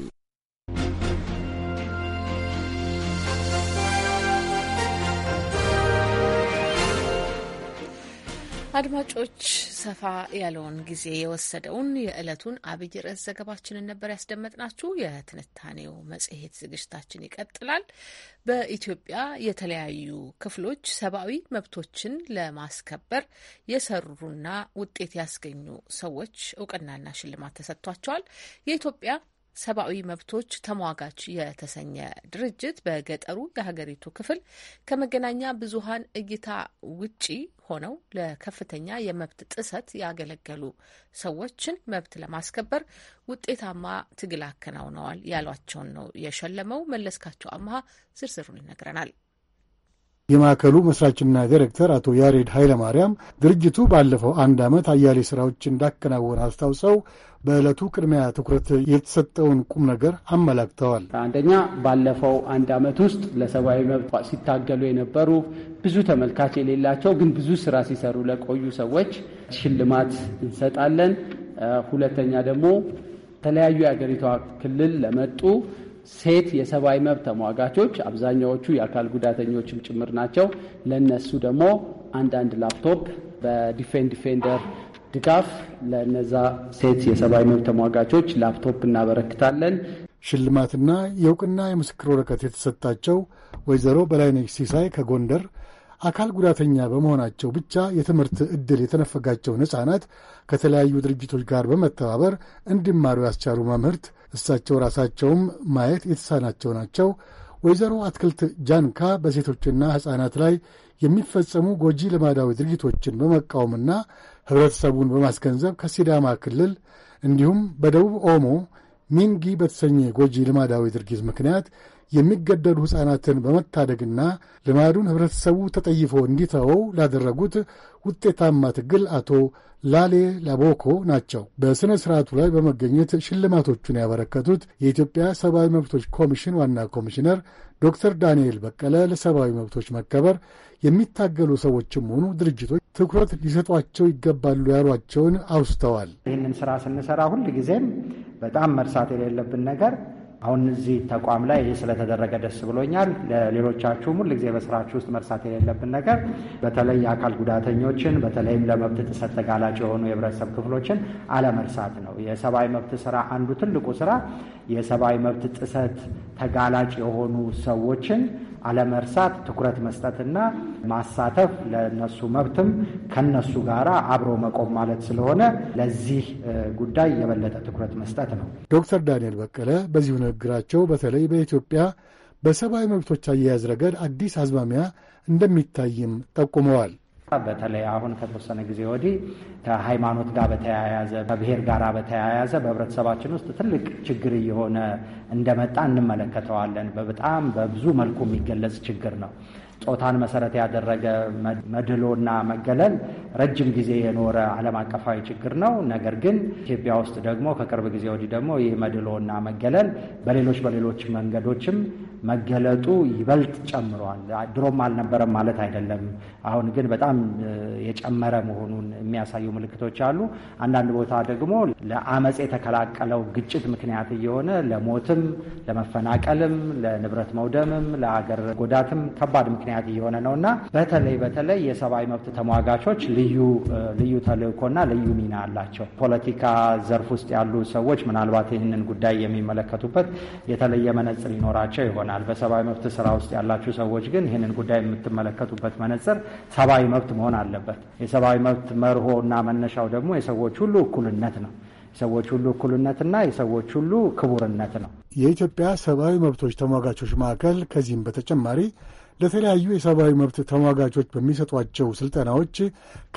አድማጮች ሰፋ ያለውን ጊዜ የወሰደውን የዕለቱን አብይ ርዕስ ዘገባችንን ነበር ያስደመጥናችሁ። የትንታኔው መጽሔት ዝግጅታችን ይቀጥላል። በኢትዮጵያ የተለያዩ ክፍሎች ሰብአዊ መብቶችን ለማስከበር የሰሩና ውጤት ያስገኙ ሰዎች እውቅናና ሽልማት ተሰጥቷቸዋል። የኢትዮጵያ ሰብአዊ መብቶች ተሟጋች የተሰኘ ድርጅት በገጠሩ የሀገሪቱ ክፍል ከመገናኛ ብዙሃን እይታ ውጪ ሆነው ለከፍተኛ የመብት ጥሰት ያገለገሉ ሰዎችን መብት ለማስከበር ውጤታማ ትግል አከናውነዋል ያሏቸውን ነው የሸለመው። መለስካቸው አምሃ ዝርዝሩን ይነግረናል። የማዕከሉ መስራችና ዳይሬክተር አቶ ያሬድ ኃይለማርያም ድርጅቱ ባለፈው አንድ ዓመት አያሌ ሥራዎች እንዳከናወነ አስታውሰው በዕለቱ ቅድሚያ ትኩረት የተሰጠውን ቁም ነገር አመላክተዋል። አንደኛ ባለፈው አንድ ዓመት ውስጥ ለሰብአዊ መብት ሲታገሉ የነበሩ ብዙ ተመልካች የሌላቸው ግን ብዙ ስራ ሲሰሩ ለቆዩ ሰዎች ሽልማት እንሰጣለን። ሁለተኛ ደግሞ የተለያዩ የአገሪቷ ክልል ለመጡ ሴት የሰብአዊ መብት ተሟጋቾች አብዛኛዎቹ የአካል ጉዳተኞችም ጭምር ናቸው። ለነሱ ደግሞ አንዳንድ ላፕቶፕ በዲፌን ዲፌንደር ድጋፍ ለነዛ ሴት የሰብአዊ መብት ተሟጋቾች ላፕቶፕ እናበረክታለን። ሽልማትና የእውቅና የምስክር ወረቀት የተሰጣቸው ወይዘሮ በላይነች ሲሳይ ከጎንደር አካል ጉዳተኛ በመሆናቸው ብቻ የትምህርት ዕድል የተነፈጋቸውን ሕፃናት ከተለያዩ ድርጅቶች ጋር በመተባበር እንዲማሩ ያስቻሉ መምህርት እሳቸው ራሳቸውም ማየት የተሳናቸው ናቸው። ወይዘሮ አትክልት ጃንካ በሴቶችና ሕፃናት ላይ የሚፈጸሙ ጎጂ ልማዳዊ ድርጊቶችን በመቃወምና ኅብረተሰቡን በማስገንዘብ ከሲዳማ ክልል እንዲሁም በደቡብ ኦሞ ሚንጊ በተሰኘ ጎጂ ልማዳዊ ድርጊት ምክንያት የሚገደሉ ሕፃናትን በመታደግና ልማዱን ኅብረተሰቡ ተጠይፎ እንዲተወው ላደረጉት ውጤታማ ትግል አቶ ላሌ ላቦኮ ናቸው። በሥነ ሥርዓቱ ላይ በመገኘት ሽልማቶቹን ያበረከቱት የኢትዮጵያ ሰብአዊ መብቶች ኮሚሽን ዋና ኮሚሽነር ዶክተር ዳንኤል በቀለ ለሰብአዊ መብቶች መከበር የሚታገሉ ሰዎችም ሆኑ ድርጅቶች ትኩረት ሊሰጧቸው ይገባሉ ያሏቸውን አውስተዋል። ይህንን ስራ ስንሰራ ጊዜም በጣም መርሳት የሌለብን ነገር አሁን እዚህ ተቋም ላይ ይህ ስለተደረገ ደስ ብሎኛል። ለሌሎቻችሁም ሁልጊዜ በስራችሁ ውስጥ መርሳት የሌለብን ነገር በተለይ የአካል ጉዳተኞችን በተለይም ለመብት ጥሰት ተጋላጭ የሆኑ የህብረተሰብ ክፍሎችን አለመርሳት ነው። የሰብአዊ መብት ስራ አንዱ ትልቁ ስራ የሰብአዊ መብት ጥሰት ተጋላጭ የሆኑ ሰዎችን አለመርሳት፣ ትኩረት መስጠትና ማሳተፍ ለነሱ መብትም ከነሱ ጋር አብሮ መቆም ማለት ስለሆነ ለዚህ ጉዳይ የበለጠ ትኩረት መስጠት ነው። ዶክተር ዳንኤል በቀለ በዚሁ ንግግራቸው በተለይ በኢትዮጵያ በሰብአዊ መብቶች አያያዝ ረገድ አዲስ አዝማሚያ እንደሚታይም ጠቁመዋል። በተለይ አሁን ከተወሰነ ጊዜ ወዲህ ከሃይማኖት ጋር በተያያዘ ከብሔር ጋር በተያያዘ በህብረተሰባችን ውስጥ ትልቅ ችግር እየሆነ እንደመጣ እንመለከተዋለን። በጣም በብዙ መልኩ የሚገለጽ ችግር ነው። ጾታን መሰረት ያደረገ መድሎና መገለል ረጅም ጊዜ የኖረ ዓለም አቀፋዊ ችግር ነው። ነገር ግን ኢትዮጵያ ውስጥ ደግሞ ከቅርብ ጊዜ ወዲህ ደግሞ ይህ መድሎና መገለል በሌሎች በሌሎች መንገዶችም መገለጡ ይበልጥ ጨምሯል። ድሮም አልነበረም ማለት አይደለም። አሁን ግን በጣም የጨመረ መሆኑን የሚያሳዩ ምልክቶች አሉ። አንዳንድ ቦታ ደግሞ ለአመፅ የተከላቀለው ግጭት ምክንያት እየሆነ ለሞትም፣ ለመፈናቀልም፣ ለንብረት መውደምም፣ ለአገር ጎዳትም ከባድ ምክንያት እየሆነ ነው እና በተለይ በተለይ የሰብአዊ መብት ተሟጋቾች ልዩ ልዩ ተልእኮና ልዩ ሚና አላቸው። ፖለቲካ ዘርፍ ውስጥ ያሉ ሰዎች ምናልባት ይህንን ጉዳይ የሚመለከቱበት የተለየ መነጽር ይኖራቸው ይሆናል። ይሆናል። በሰብአዊ መብት ስራ ውስጥ ያላችሁ ሰዎች ግን ይህንን ጉዳይ የምትመለከቱበት መነጽር ሰብአዊ መብት መሆን አለበት። የሰብአዊ መብት መርሆ እና መነሻው ደግሞ የሰዎች ሁሉ እኩልነት ነው። የሰዎች ሁሉ እኩልነትና የሰዎች ሁሉ ክቡርነት ነው። የኢትዮጵያ ሰብአዊ መብቶች ተሟጋቾች ማዕከል ከዚህም በተጨማሪ ለተለያዩ የሰብአዊ መብት ተሟጋቾች በሚሰጧቸው ስልጠናዎች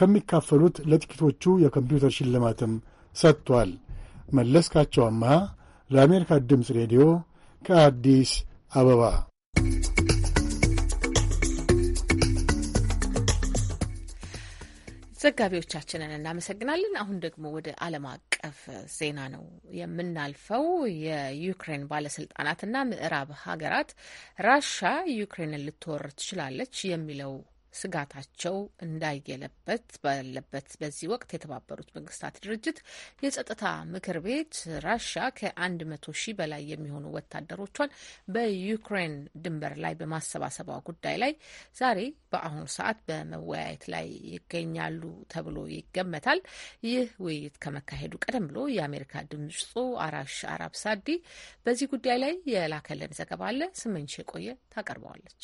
ከሚካፈሉት ለጥቂቶቹ የኮምፒውተር ሽልማትም ሰጥቷል። መለስካቸው አምሃ ለአሜሪካ ድምፅ ሬዲዮ ከአዲስ አበባ ዘጋቢዎቻችንን እናመሰግናለን። አሁን ደግሞ ወደ ዓለም አቀፍ ዜና ነው የምናልፈው። የዩክሬን ባለስልጣናትና ምዕራብ ሀገራት ራሻ ዩክሬንን ልትወር ትችላለች የሚለው ስጋታቸው እንዳየለበት ባለበት በዚህ ወቅት የተባበሩት መንግስታት ድርጅት የጸጥታ ምክር ቤት ራሻ ከአንድ መቶ ሺህ በላይ የሚሆኑ ወታደሮቿን በዩክሬን ድንበር ላይ በማሰባሰቧ ጉዳይ ላይ ዛሬ በአሁኑ ሰዓት በመወያየት ላይ ይገኛሉ ተብሎ ይገመታል። ይህ ውይይት ከመካሄዱ ቀደም ብሎ የአሜሪካ ድምፁ አራሽ አራብ ሳዲ በዚህ ጉዳይ ላይ የላከልን ዘገባ አለ። ስምንሽ የቆየ ታቀርበዋለች።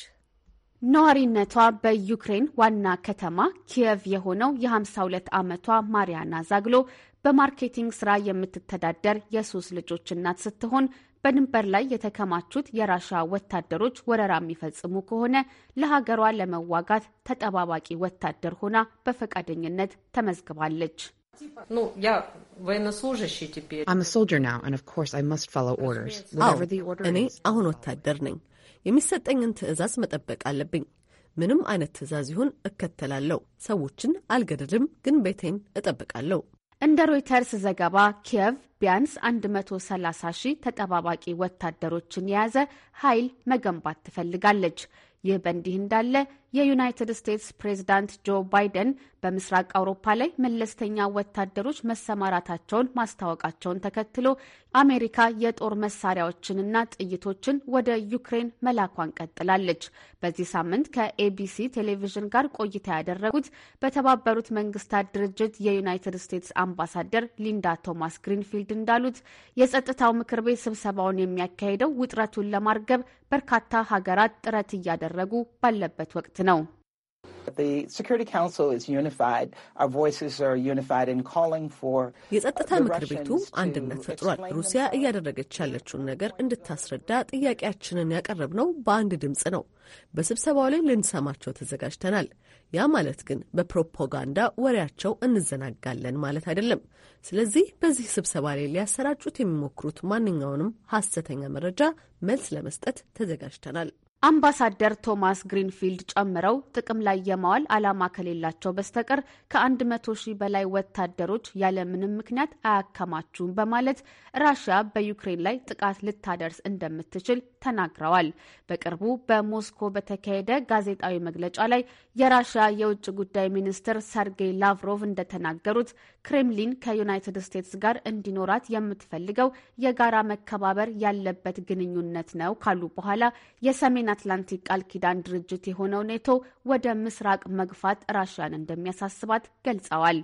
ነዋሪነቷ በዩክሬን ዋና ከተማ ኪየቭ የሆነው የ52 ዓመቷ ማሪያና ዛግሎ በማርኬቲንግ ስራ የምትተዳደር የሶስት ልጆች እናት ስትሆን በድንበር ላይ የተከማቹት የራሻ ወታደሮች ወረራ የሚፈጽሙ ከሆነ ለሀገሯ ለመዋጋት ተጠባባቂ ወታደር ሆና በፈቃደኝነት ተመዝግባለች። እኔ አሁን ወታደር ነኝ። የሚሰጠኝን ትዕዛዝ መጠበቅ አለብኝ። ምንም አይነት ትዕዛዝ ይሁን እከተላለሁ። ሰዎችን አልገድልም፣ ግን ቤቴን እጠብቃለሁ። እንደ ሮይተርስ ዘገባ ኪየቭ ቢያንስ 130 ሺህ ተጠባባቂ ወታደሮችን የያዘ ኃይል መገንባት ትፈልጋለች። ይህ በእንዲህ እንዳለ የዩናይትድ ስቴትስ ፕሬዝዳንት ጆ ባይደን በምስራቅ አውሮፓ ላይ መለስተኛ ወታደሮች መሰማራታቸውን ማስታወቃቸውን ተከትሎ አሜሪካ የጦር መሳሪያዎችንና ጥይቶችን ወደ ዩክሬን መላኳን ቀጥላለች። በዚህ ሳምንት ከኤቢሲ ቴሌቪዥን ጋር ቆይታ ያደረጉት በተባበሩት መንግስታት ድርጅት የዩናይትድ ስቴትስ አምባሳደር ሊንዳ ቶማስ ግሪንፊልድ እንዳሉት የጸጥታው ምክር ቤት ስብሰባውን የሚያካሂደው ውጥረቱን ለማርገብ በርካታ ሀገራት ጥረት እያደረጉ ባለበት ወቅት ነው። የጸጥታ ምክር ቤቱ አንድነት ፈጥሯል። ሩሲያ እያደረገች ያለችውን ነገር እንድታስረዳ ጥያቄያችንን ያቀረብነው በአንድ ድምፅ ነው። በስብሰባው ላይ ልንሰማቸው ተዘጋጅተናል። ያ ማለት ግን በፕሮፓጋንዳ ወሬያቸው እንዘናጋለን ማለት አይደለም። ስለዚህ በዚህ ስብሰባ ላይ ሊያሰራጩት የሚሞክሩት ማንኛውንም ሀሰተኛ መረጃ መልስ ለመስጠት ተዘጋጅተናል። አምባሳደር ቶማስ ግሪንፊልድ ጨምረው ጥቅም ላይ የማዋል ዓላማ ከሌላቸው በስተቀር ከአንድ መቶ ሺህ በላይ ወታደሮች ያለምንም ምክንያት አያከማችሁም በማለት ራሽያ በዩክሬን ላይ ጥቃት ልታደርስ እንደምትችል ተናግረዋል። በቅርቡ በሞስኮ በተካሄደ ጋዜጣዊ መግለጫ ላይ የራሽያ የውጭ ጉዳይ ሚኒስትር ሰርጌይ ላቭሮቭ እንደተናገሩት ክሬምሊን ከዩናይትድ ስቴትስ ጋር እንዲኖራት የምትፈልገው የጋራ መከባበር ያለበት ግንኙነት ነው ካሉ በኋላ የሰሜን የአትላንቲክ ቃል ኪዳን ድርጅት የሆነው ኔቶ ወደ ምስራቅ መግፋት ራሽያን እንደሚያሳስባት ገልጸዋል።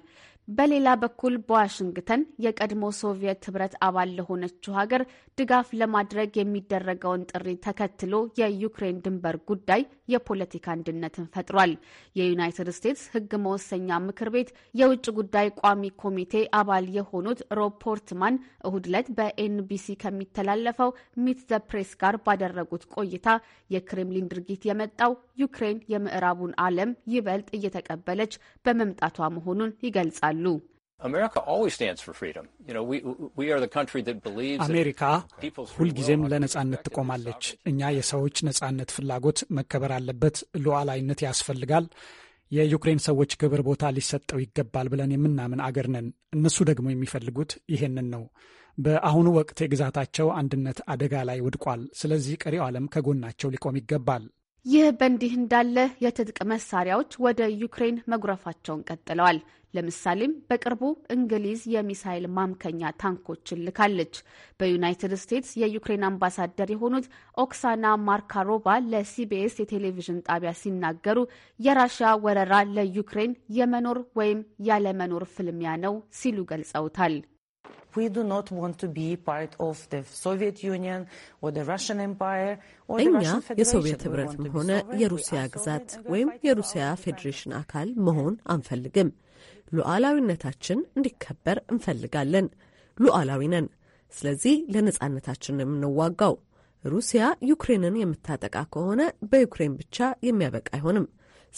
በሌላ በኩል በዋሽንግተን የቀድሞ ሶቪየት ህብረት አባል ለሆነችው ሀገር ድጋፍ ለማድረግ የሚደረገውን ጥሪ ተከትሎ የዩክሬን ድንበር ጉዳይ የፖለቲካ አንድነትን ፈጥሯል። የዩናይትድ ስቴትስ ህግ መወሰኛ ምክር ቤት የውጭ ጉዳይ ቋሚ ኮሚቴ አባል የሆኑት ሮብ ፖርትማን እሁድ ዕለት በኤንቢሲ ከሚተላለፈው ሚት ዘ ፕሬስ ጋር ባደረጉት ቆይታ የክሬምሊን ድርጊት የመጣው ዩክሬን የምዕራቡን ዓለም ይበልጥ እየተቀበለች በመምጣቷ መሆኑን ይገልጻል። ይመክራሉ። አሜሪካ ሁልጊዜም ለነጻነት ትቆማለች። እኛ የሰዎች ነጻነት ፍላጎት መከበር አለበት፣ ሉዓላዊነት ያስፈልጋል፣ የዩክሬን ሰዎች ክብር ቦታ ሊሰጠው ይገባል ብለን የምናምን አገር ነን። እነሱ ደግሞ የሚፈልጉት ይሄንን ነው። በአሁኑ ወቅት የግዛታቸው አንድነት አደጋ ላይ ወድቋል። ስለዚህ ቀሪው ዓለም ከጎናቸው ሊቆም ይገባል። ይህ በእንዲህ እንዳለ የትጥቅ መሳሪያዎች ወደ ዩክሬን መጉረፋቸውን ቀጥለዋል። ለምሳሌም በቅርቡ እንግሊዝ የሚሳይል ማምከኛ ታንኮችን ልካለች። በዩናይትድ ስቴትስ የዩክሬን አምባሳደር የሆኑት ኦክሳና ማርካሮቫ ለሲቢኤስ የቴሌቪዥን ጣቢያ ሲናገሩ የራሽያ ወረራ ለዩክሬን የመኖር ወይም ያለመኖር ፍልሚያ ነው ሲሉ ገልጸውታል። እኛ የሶቪየት ህብረትም ሆነ የሩሲያ ግዛት ወይም የሩሲያ ፌዴሬሽን አካል መሆን አንፈልግም። ሉዓላዊነታችን እንዲከበር እንፈልጋለን። ሉዓላዊ ነን። ስለዚህ ለነጻነታችን ነው የምንዋጋው። ሩሲያ ዩክሬንን የምታጠቃ ከሆነ በዩክሬን ብቻ የሚያበቃ አይሆንም።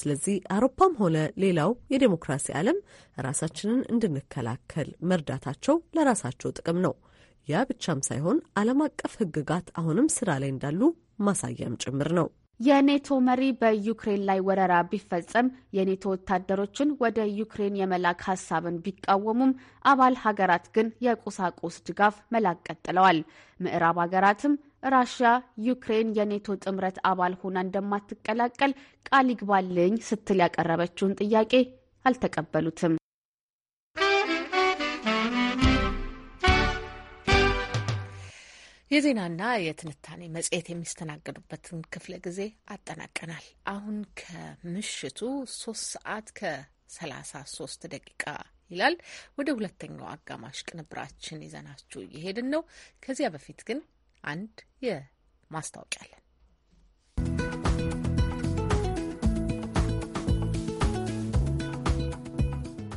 ስለዚህ አውሮፓም ሆነ ሌላው የዴሞክራሲ ዓለም ራሳችንን እንድንከላከል መርዳታቸው ለራሳቸው ጥቅም ነው። ያ ብቻም ሳይሆን ዓለም አቀፍ ሕግጋት አሁንም ስራ ላይ እንዳሉ ማሳያም ጭምር ነው። የኔቶ መሪ በዩክሬን ላይ ወረራ ቢፈጸም የኔቶ ወታደሮችን ወደ ዩክሬን የመላክ ሀሳብን ቢቃወሙም አባል ሀገራት ግን የቁሳቁስ ድጋፍ መላክ ቀጥለዋል። ምዕራብ ሀገራትም ራሽያ ዩክሬን የኔቶ ጥምረት አባል ሆና እንደማትቀላቀል ቃል ይግባልኝ ስትል ያቀረበችውን ጥያቄ አልተቀበሉትም። የዜናና የትንታኔ መጽሔት የሚስተናገዱበትን ክፍለ ጊዜ አጠናቀናል። አሁን ከምሽቱ ሶስት ሰዓት ከሰላሳ ሶስት ደቂቃ ይላል። ወደ ሁለተኛው አጋማሽ ቅንብራችን ይዘናችሁ እየሄድን ነው። ከዚያ በፊት ግን አንድ የማስታወቂያ አለን።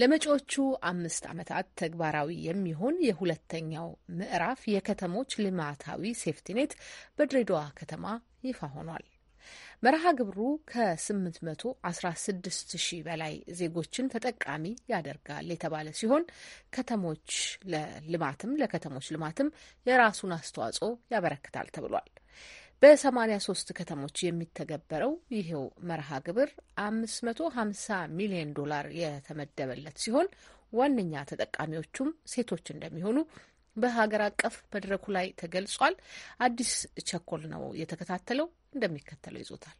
ለመጪዎቹ አምስት ዓመታት ተግባራዊ የሚሆን የሁለተኛው ምዕራፍ የከተሞች ልማታዊ ሴፍቲኔት በድሬዳዋ ከተማ ይፋ ሆኗል። መርሃ ግብሩ ከ816 ሺህ በላይ ዜጎችን ተጠቃሚ ያደርጋል የተባለ ሲሆን ከተሞች ለልማትም ለከተሞች ልማትም የራሱን አስተዋጽኦ ያበረክታል ተብሏል። በ83 ከተሞች የሚተገበረው ይሄው መርሃ ግብር 550 ሚሊዮን ዶላር የተመደበለት ሲሆን ዋነኛ ተጠቃሚዎቹም ሴቶች እንደሚሆኑ በሀገር አቀፍ መድረኩ ላይ ተገልጿል። አዲስ ቸኮል ነው የተከታተለው፣ እንደሚከተለው ይዞታል።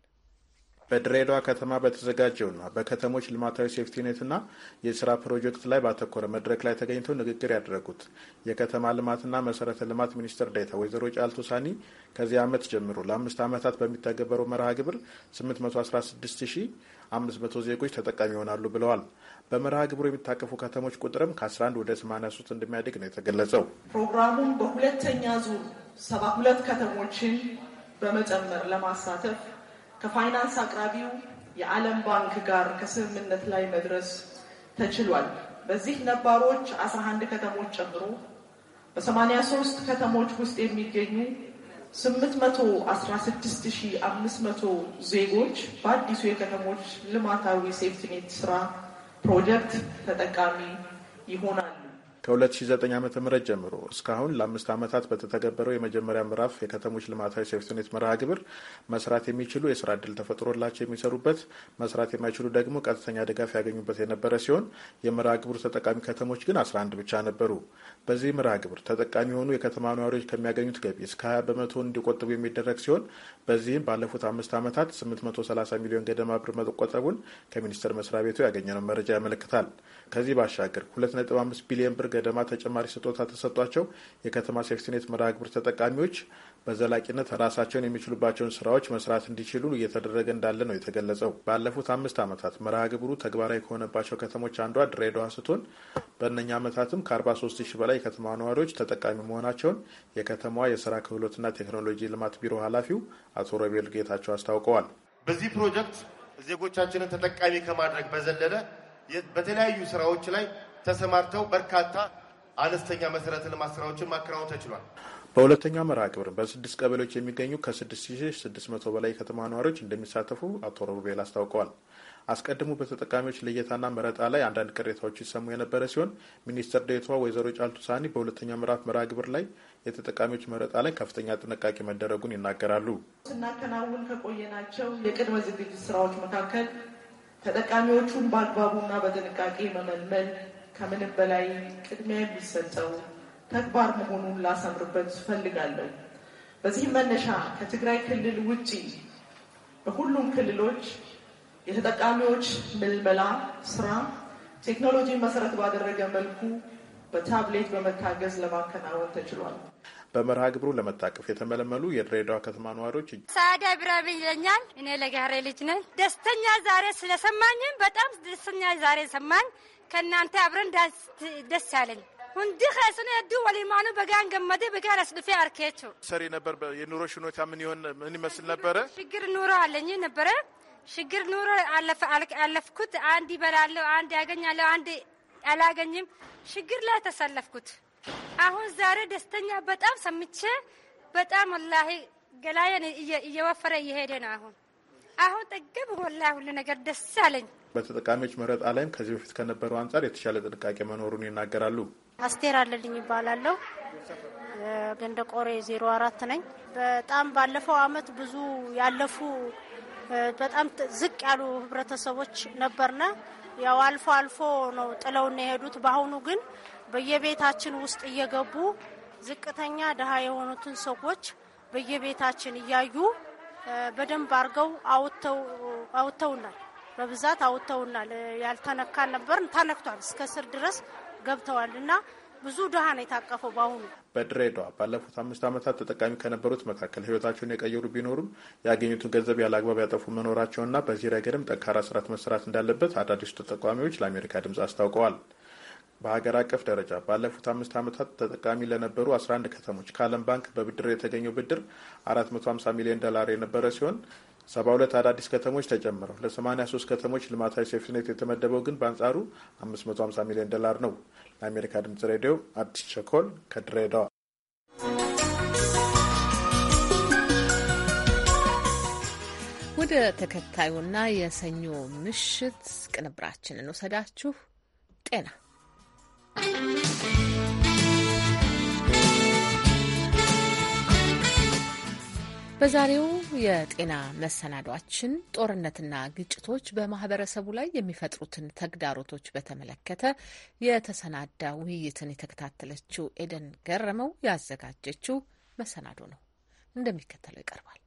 በድሬዳዋ ከተማ በተዘጋጀውና በከተሞች ልማታዊ ሴፍቲኔትና የስራ ፕሮጀክት ላይ ባተኮረ መድረክ ላይ ተገኝተው ንግግር ያደረጉት የከተማ ልማትና መሰረተ ልማት ሚኒስትር ዴታ ወይዘሮ ጫልቱ ሳኒ ከዚህ ዓመት ጀምሮ ለአምስት ዓመታት በሚተገበረው መርሃ ግብር 816500 ዜጎች ተጠቃሚ ይሆናሉ ብለዋል። በመርሃ ግብሩ የሚታቀፉ ከተሞች ቁጥርም ከ11 ወደ 83 እንደሚያድግ ነው የተገለጸው። ፕሮግራሙም በሁለተኛ ዙር 72 ከተሞችን በመጨመር ለማሳተፍ ከፋይናንስ አቅራቢው የዓለም ባንክ ጋር ከስምምነት ላይ መድረስ ተችሏል። በዚህ ነባሮች 11 ከተሞች ጨምሮ በ83 ከተሞች ውስጥ የሚገኙ 816500 ዜጎች በአዲሱ የከተሞች ልማታዊ ሴፍትኔት ስራ ፕሮጀክት ተጠቃሚ ይሆናል። ከ2009 ዓ ም ጀምሮ እስካሁን ለአምስት ዓመታት በተተገበረው የመጀመሪያ ምዕራፍ የከተሞች ልማታዊ ሴፍትኔት መርሃ ግብር መስራት የሚችሉ የስራ እድል ተፈጥሮላቸው የሚሰሩበት፣ መስራት የማይችሉ ደግሞ ቀጥተኛ ድጋፍ ያገኙበት የነበረ ሲሆን የመርሃ ግብሩ ተጠቃሚ ከተሞች ግን 11 ብቻ ነበሩ። በዚህ ምርሃ ግብር ተጠቃሚ የሆኑ የከተማ ነዋሪዎች ከሚያገኙት ገቢ እስከ 20 በመቶ እንዲቆጥቡ የሚደረግ ሲሆን በዚህም ባለፉት አምስት ዓመታት 830 ሚሊዮን ገደማ ብር መቆጠቡን ከሚኒስቴር መስሪያ ቤቱ ያገኘነው መረጃ ያመለክታል። ከዚህ ባሻገር 2.5 ቢሊዮን ብር ገደማ ተጨማሪ ስጦታ ተሰጧቸው የከተማ ሴፍቲኔት ምርሃ ግብር ተጠቃሚዎች በዘላቂነት ራሳቸውን የሚችሉባቸውን ስራዎች መስራት እንዲችሉ እየተደረገ እንዳለ ነው የተገለጸው። ባለፉት አምስት ዓመታት መርሃ ግብሩ ተግባራዊ ከሆነባቸው ከተሞች አንዷ ድሬዳዋ ስትሆን በእነኛ ዓመታትም ከ43 ሺ በላይ የከተማ ነዋሪዎች ተጠቃሚ መሆናቸውን የከተማዋ የስራ ክህሎትና ቴክኖሎጂ ልማት ቢሮ ኃላፊው አቶ ሮቤል ጌታቸው አስታውቀዋል። በዚህ ፕሮጀክት ዜጎቻችንን ተጠቃሚ ከማድረግ በዘለለ በተለያዩ ስራዎች ላይ ተሰማርተው በርካታ አነስተኛ መሰረተ ልማት ስራዎችን ማከናወን ተችሏል። በሁለተኛው መርሃ ግብር በስድስት ቀበሌዎች የሚገኙ ከ6600 በላይ የከተማ ነዋሪዎች እንደሚሳተፉ አቶ ሩቤል አስታውቀዋል። አስቀድሞ በተጠቃሚዎች ልየታና መረጣ ላይ አንዳንድ ቅሬታዎች ይሰሙ የነበረ ሲሆን ሚኒስትር ዴኤታዋ ወይዘሮ ጫልቱ ሳኒ በሁለተኛ ምዕራፍ መርሃ ግብር ላይ የተጠቃሚዎች መረጣ ላይ ከፍተኛ ጥንቃቄ መደረጉን ይናገራሉ። ስናከናውን ከቆየናቸው የቅድመ ዝግጅት ስራዎች መካከል ተጠቃሚዎቹን በአግባቡና በጥንቃቄ መመልመል ከምንም በላይ ቅድሚያ የሚሰጠው ተግባር መሆኑን ላሰምርበት ፈልጋለሁ። በዚህ መነሻ ከትግራይ ክልል ውጪ በሁሉም ክልሎች የተጠቃሚዎች ምልመላ ስራ ቴክኖሎጂን መሰረት ባደረገ መልኩ በታብሌት በመታገዝ ለማከናወን ተችሏል። በመርሃ ግብሩ ለመታቀፍ የተመለመሉ የድሬዳዋ ከተማ ነዋሪዎች ሳዳ ብረብ ይለኛል። እኔ ለጋሬ ልጅ ነን። ደስተኛ ዛሬ ስለሰማኝም በጣም ደስተኛ ዛሬ ሰማኝ። ከእናንተ አብረን ደስ ያለኝ ሁንዲ ኸስነ ዱ ወሊማኑ በጋን ገመደ በጋን አስልፌ አርኬቹ ሰሪ ነበር። የኑሮ ሽኖታ ምን ይሆን ምን ይመስል ነበረ? ችግር ኑሮ አለኝ ነበረ ችግር ኑሮ አለፍኩት። አንድ ይበላለሁ፣ አንድ ያገኛለሁ፣ አንድ አላገኝም። ችግር ላይ ተሰለፍኩት። አሁን ዛሬ ደስተኛ በጣም ሰምቼ በጣም ወላሂ ገላየን እየወፈረ እየሄደ ነው። አሁን አሁን ጠገብ ወላሂ ሁሉ ነገር ደስ አለኝ። በተጠቃሚዎች መረጣ ላይም ከዚህ በፊት ከነበረው አንጻር የተሻለ ጥንቃቄ መኖሩን ይናገራሉ። አስቴር አለልኝ ይባላለሁ። ገንደ ቆሬ ዜሮ አራት ነኝ። በጣም ባለፈው አመት ብዙ ያለፉ በጣም ዝቅ ያሉ ህብረተሰቦች ነበርና ያው አልፎ አልፎ ነው ጥለውን የሄዱት። በአሁኑ ግን በየቤታችን ውስጥ እየገቡ ዝቅተኛ ድሀ የሆኑትን ሰዎች በየቤታችን እያዩ በደንብ አድርገው አውጥተውናል። በብዛት አውጥተውናል። ያልተነካ ነበር ተነክቷል። እስከ ስር ድረስ ገብተዋል እና ብዙ ድሃ ነው የታቀፈው። በአሁኑ በድሬዳዋ ባለፉት አምስት ዓመታት ተጠቃሚ ከነበሩት መካከል ህይወታቸውን የቀየሩ ቢኖሩም ያገኙትን ገንዘብ ያለ አግባብ ያጠፉ መኖራቸውና በዚህ ረገድም ጠንካራ ስርዓት መሰራት እንዳለበት አዳዲሱ ተጠቋሚዎች ለአሜሪካ ድምፅ አስታውቀዋል። በሀገር አቀፍ ደረጃ ባለፉት አምስት ዓመታት ተጠቃሚ ለነበሩ 11 ከተሞች ከዓለም ባንክ በብድር የተገኘው ብድር 450 ሚሊዮን ዶላር የነበረ ሲሆን ሰባ ሁለት አዳዲስ ከተሞች ተጨምረው ለ ሶስት ከተሞች ልማታዊ ሴፍትኔት የተመደበው ግን በአንጻሩ 550 ሚሊዮን ዶላር ነው። ለአሜሪካ ድምጽ ሬዲዮ አዲስ ቸኮል ከድሬዳዋ። ወደ ተከታዩና የሰኞ ምሽት ቅንብራችንን ውሰዳችሁ ጤና በዛሬው የጤና መሰናዷችን ጦርነትና ግጭቶች በማህበረሰቡ ላይ የሚፈጥሩትን ተግዳሮቶች በተመለከተ የተሰናዳ ውይይትን የተከታተለችው ኤደን ገረመው ያዘጋጀችው መሰናዶ ነው፣ እንደሚከተለው ይቀርባል።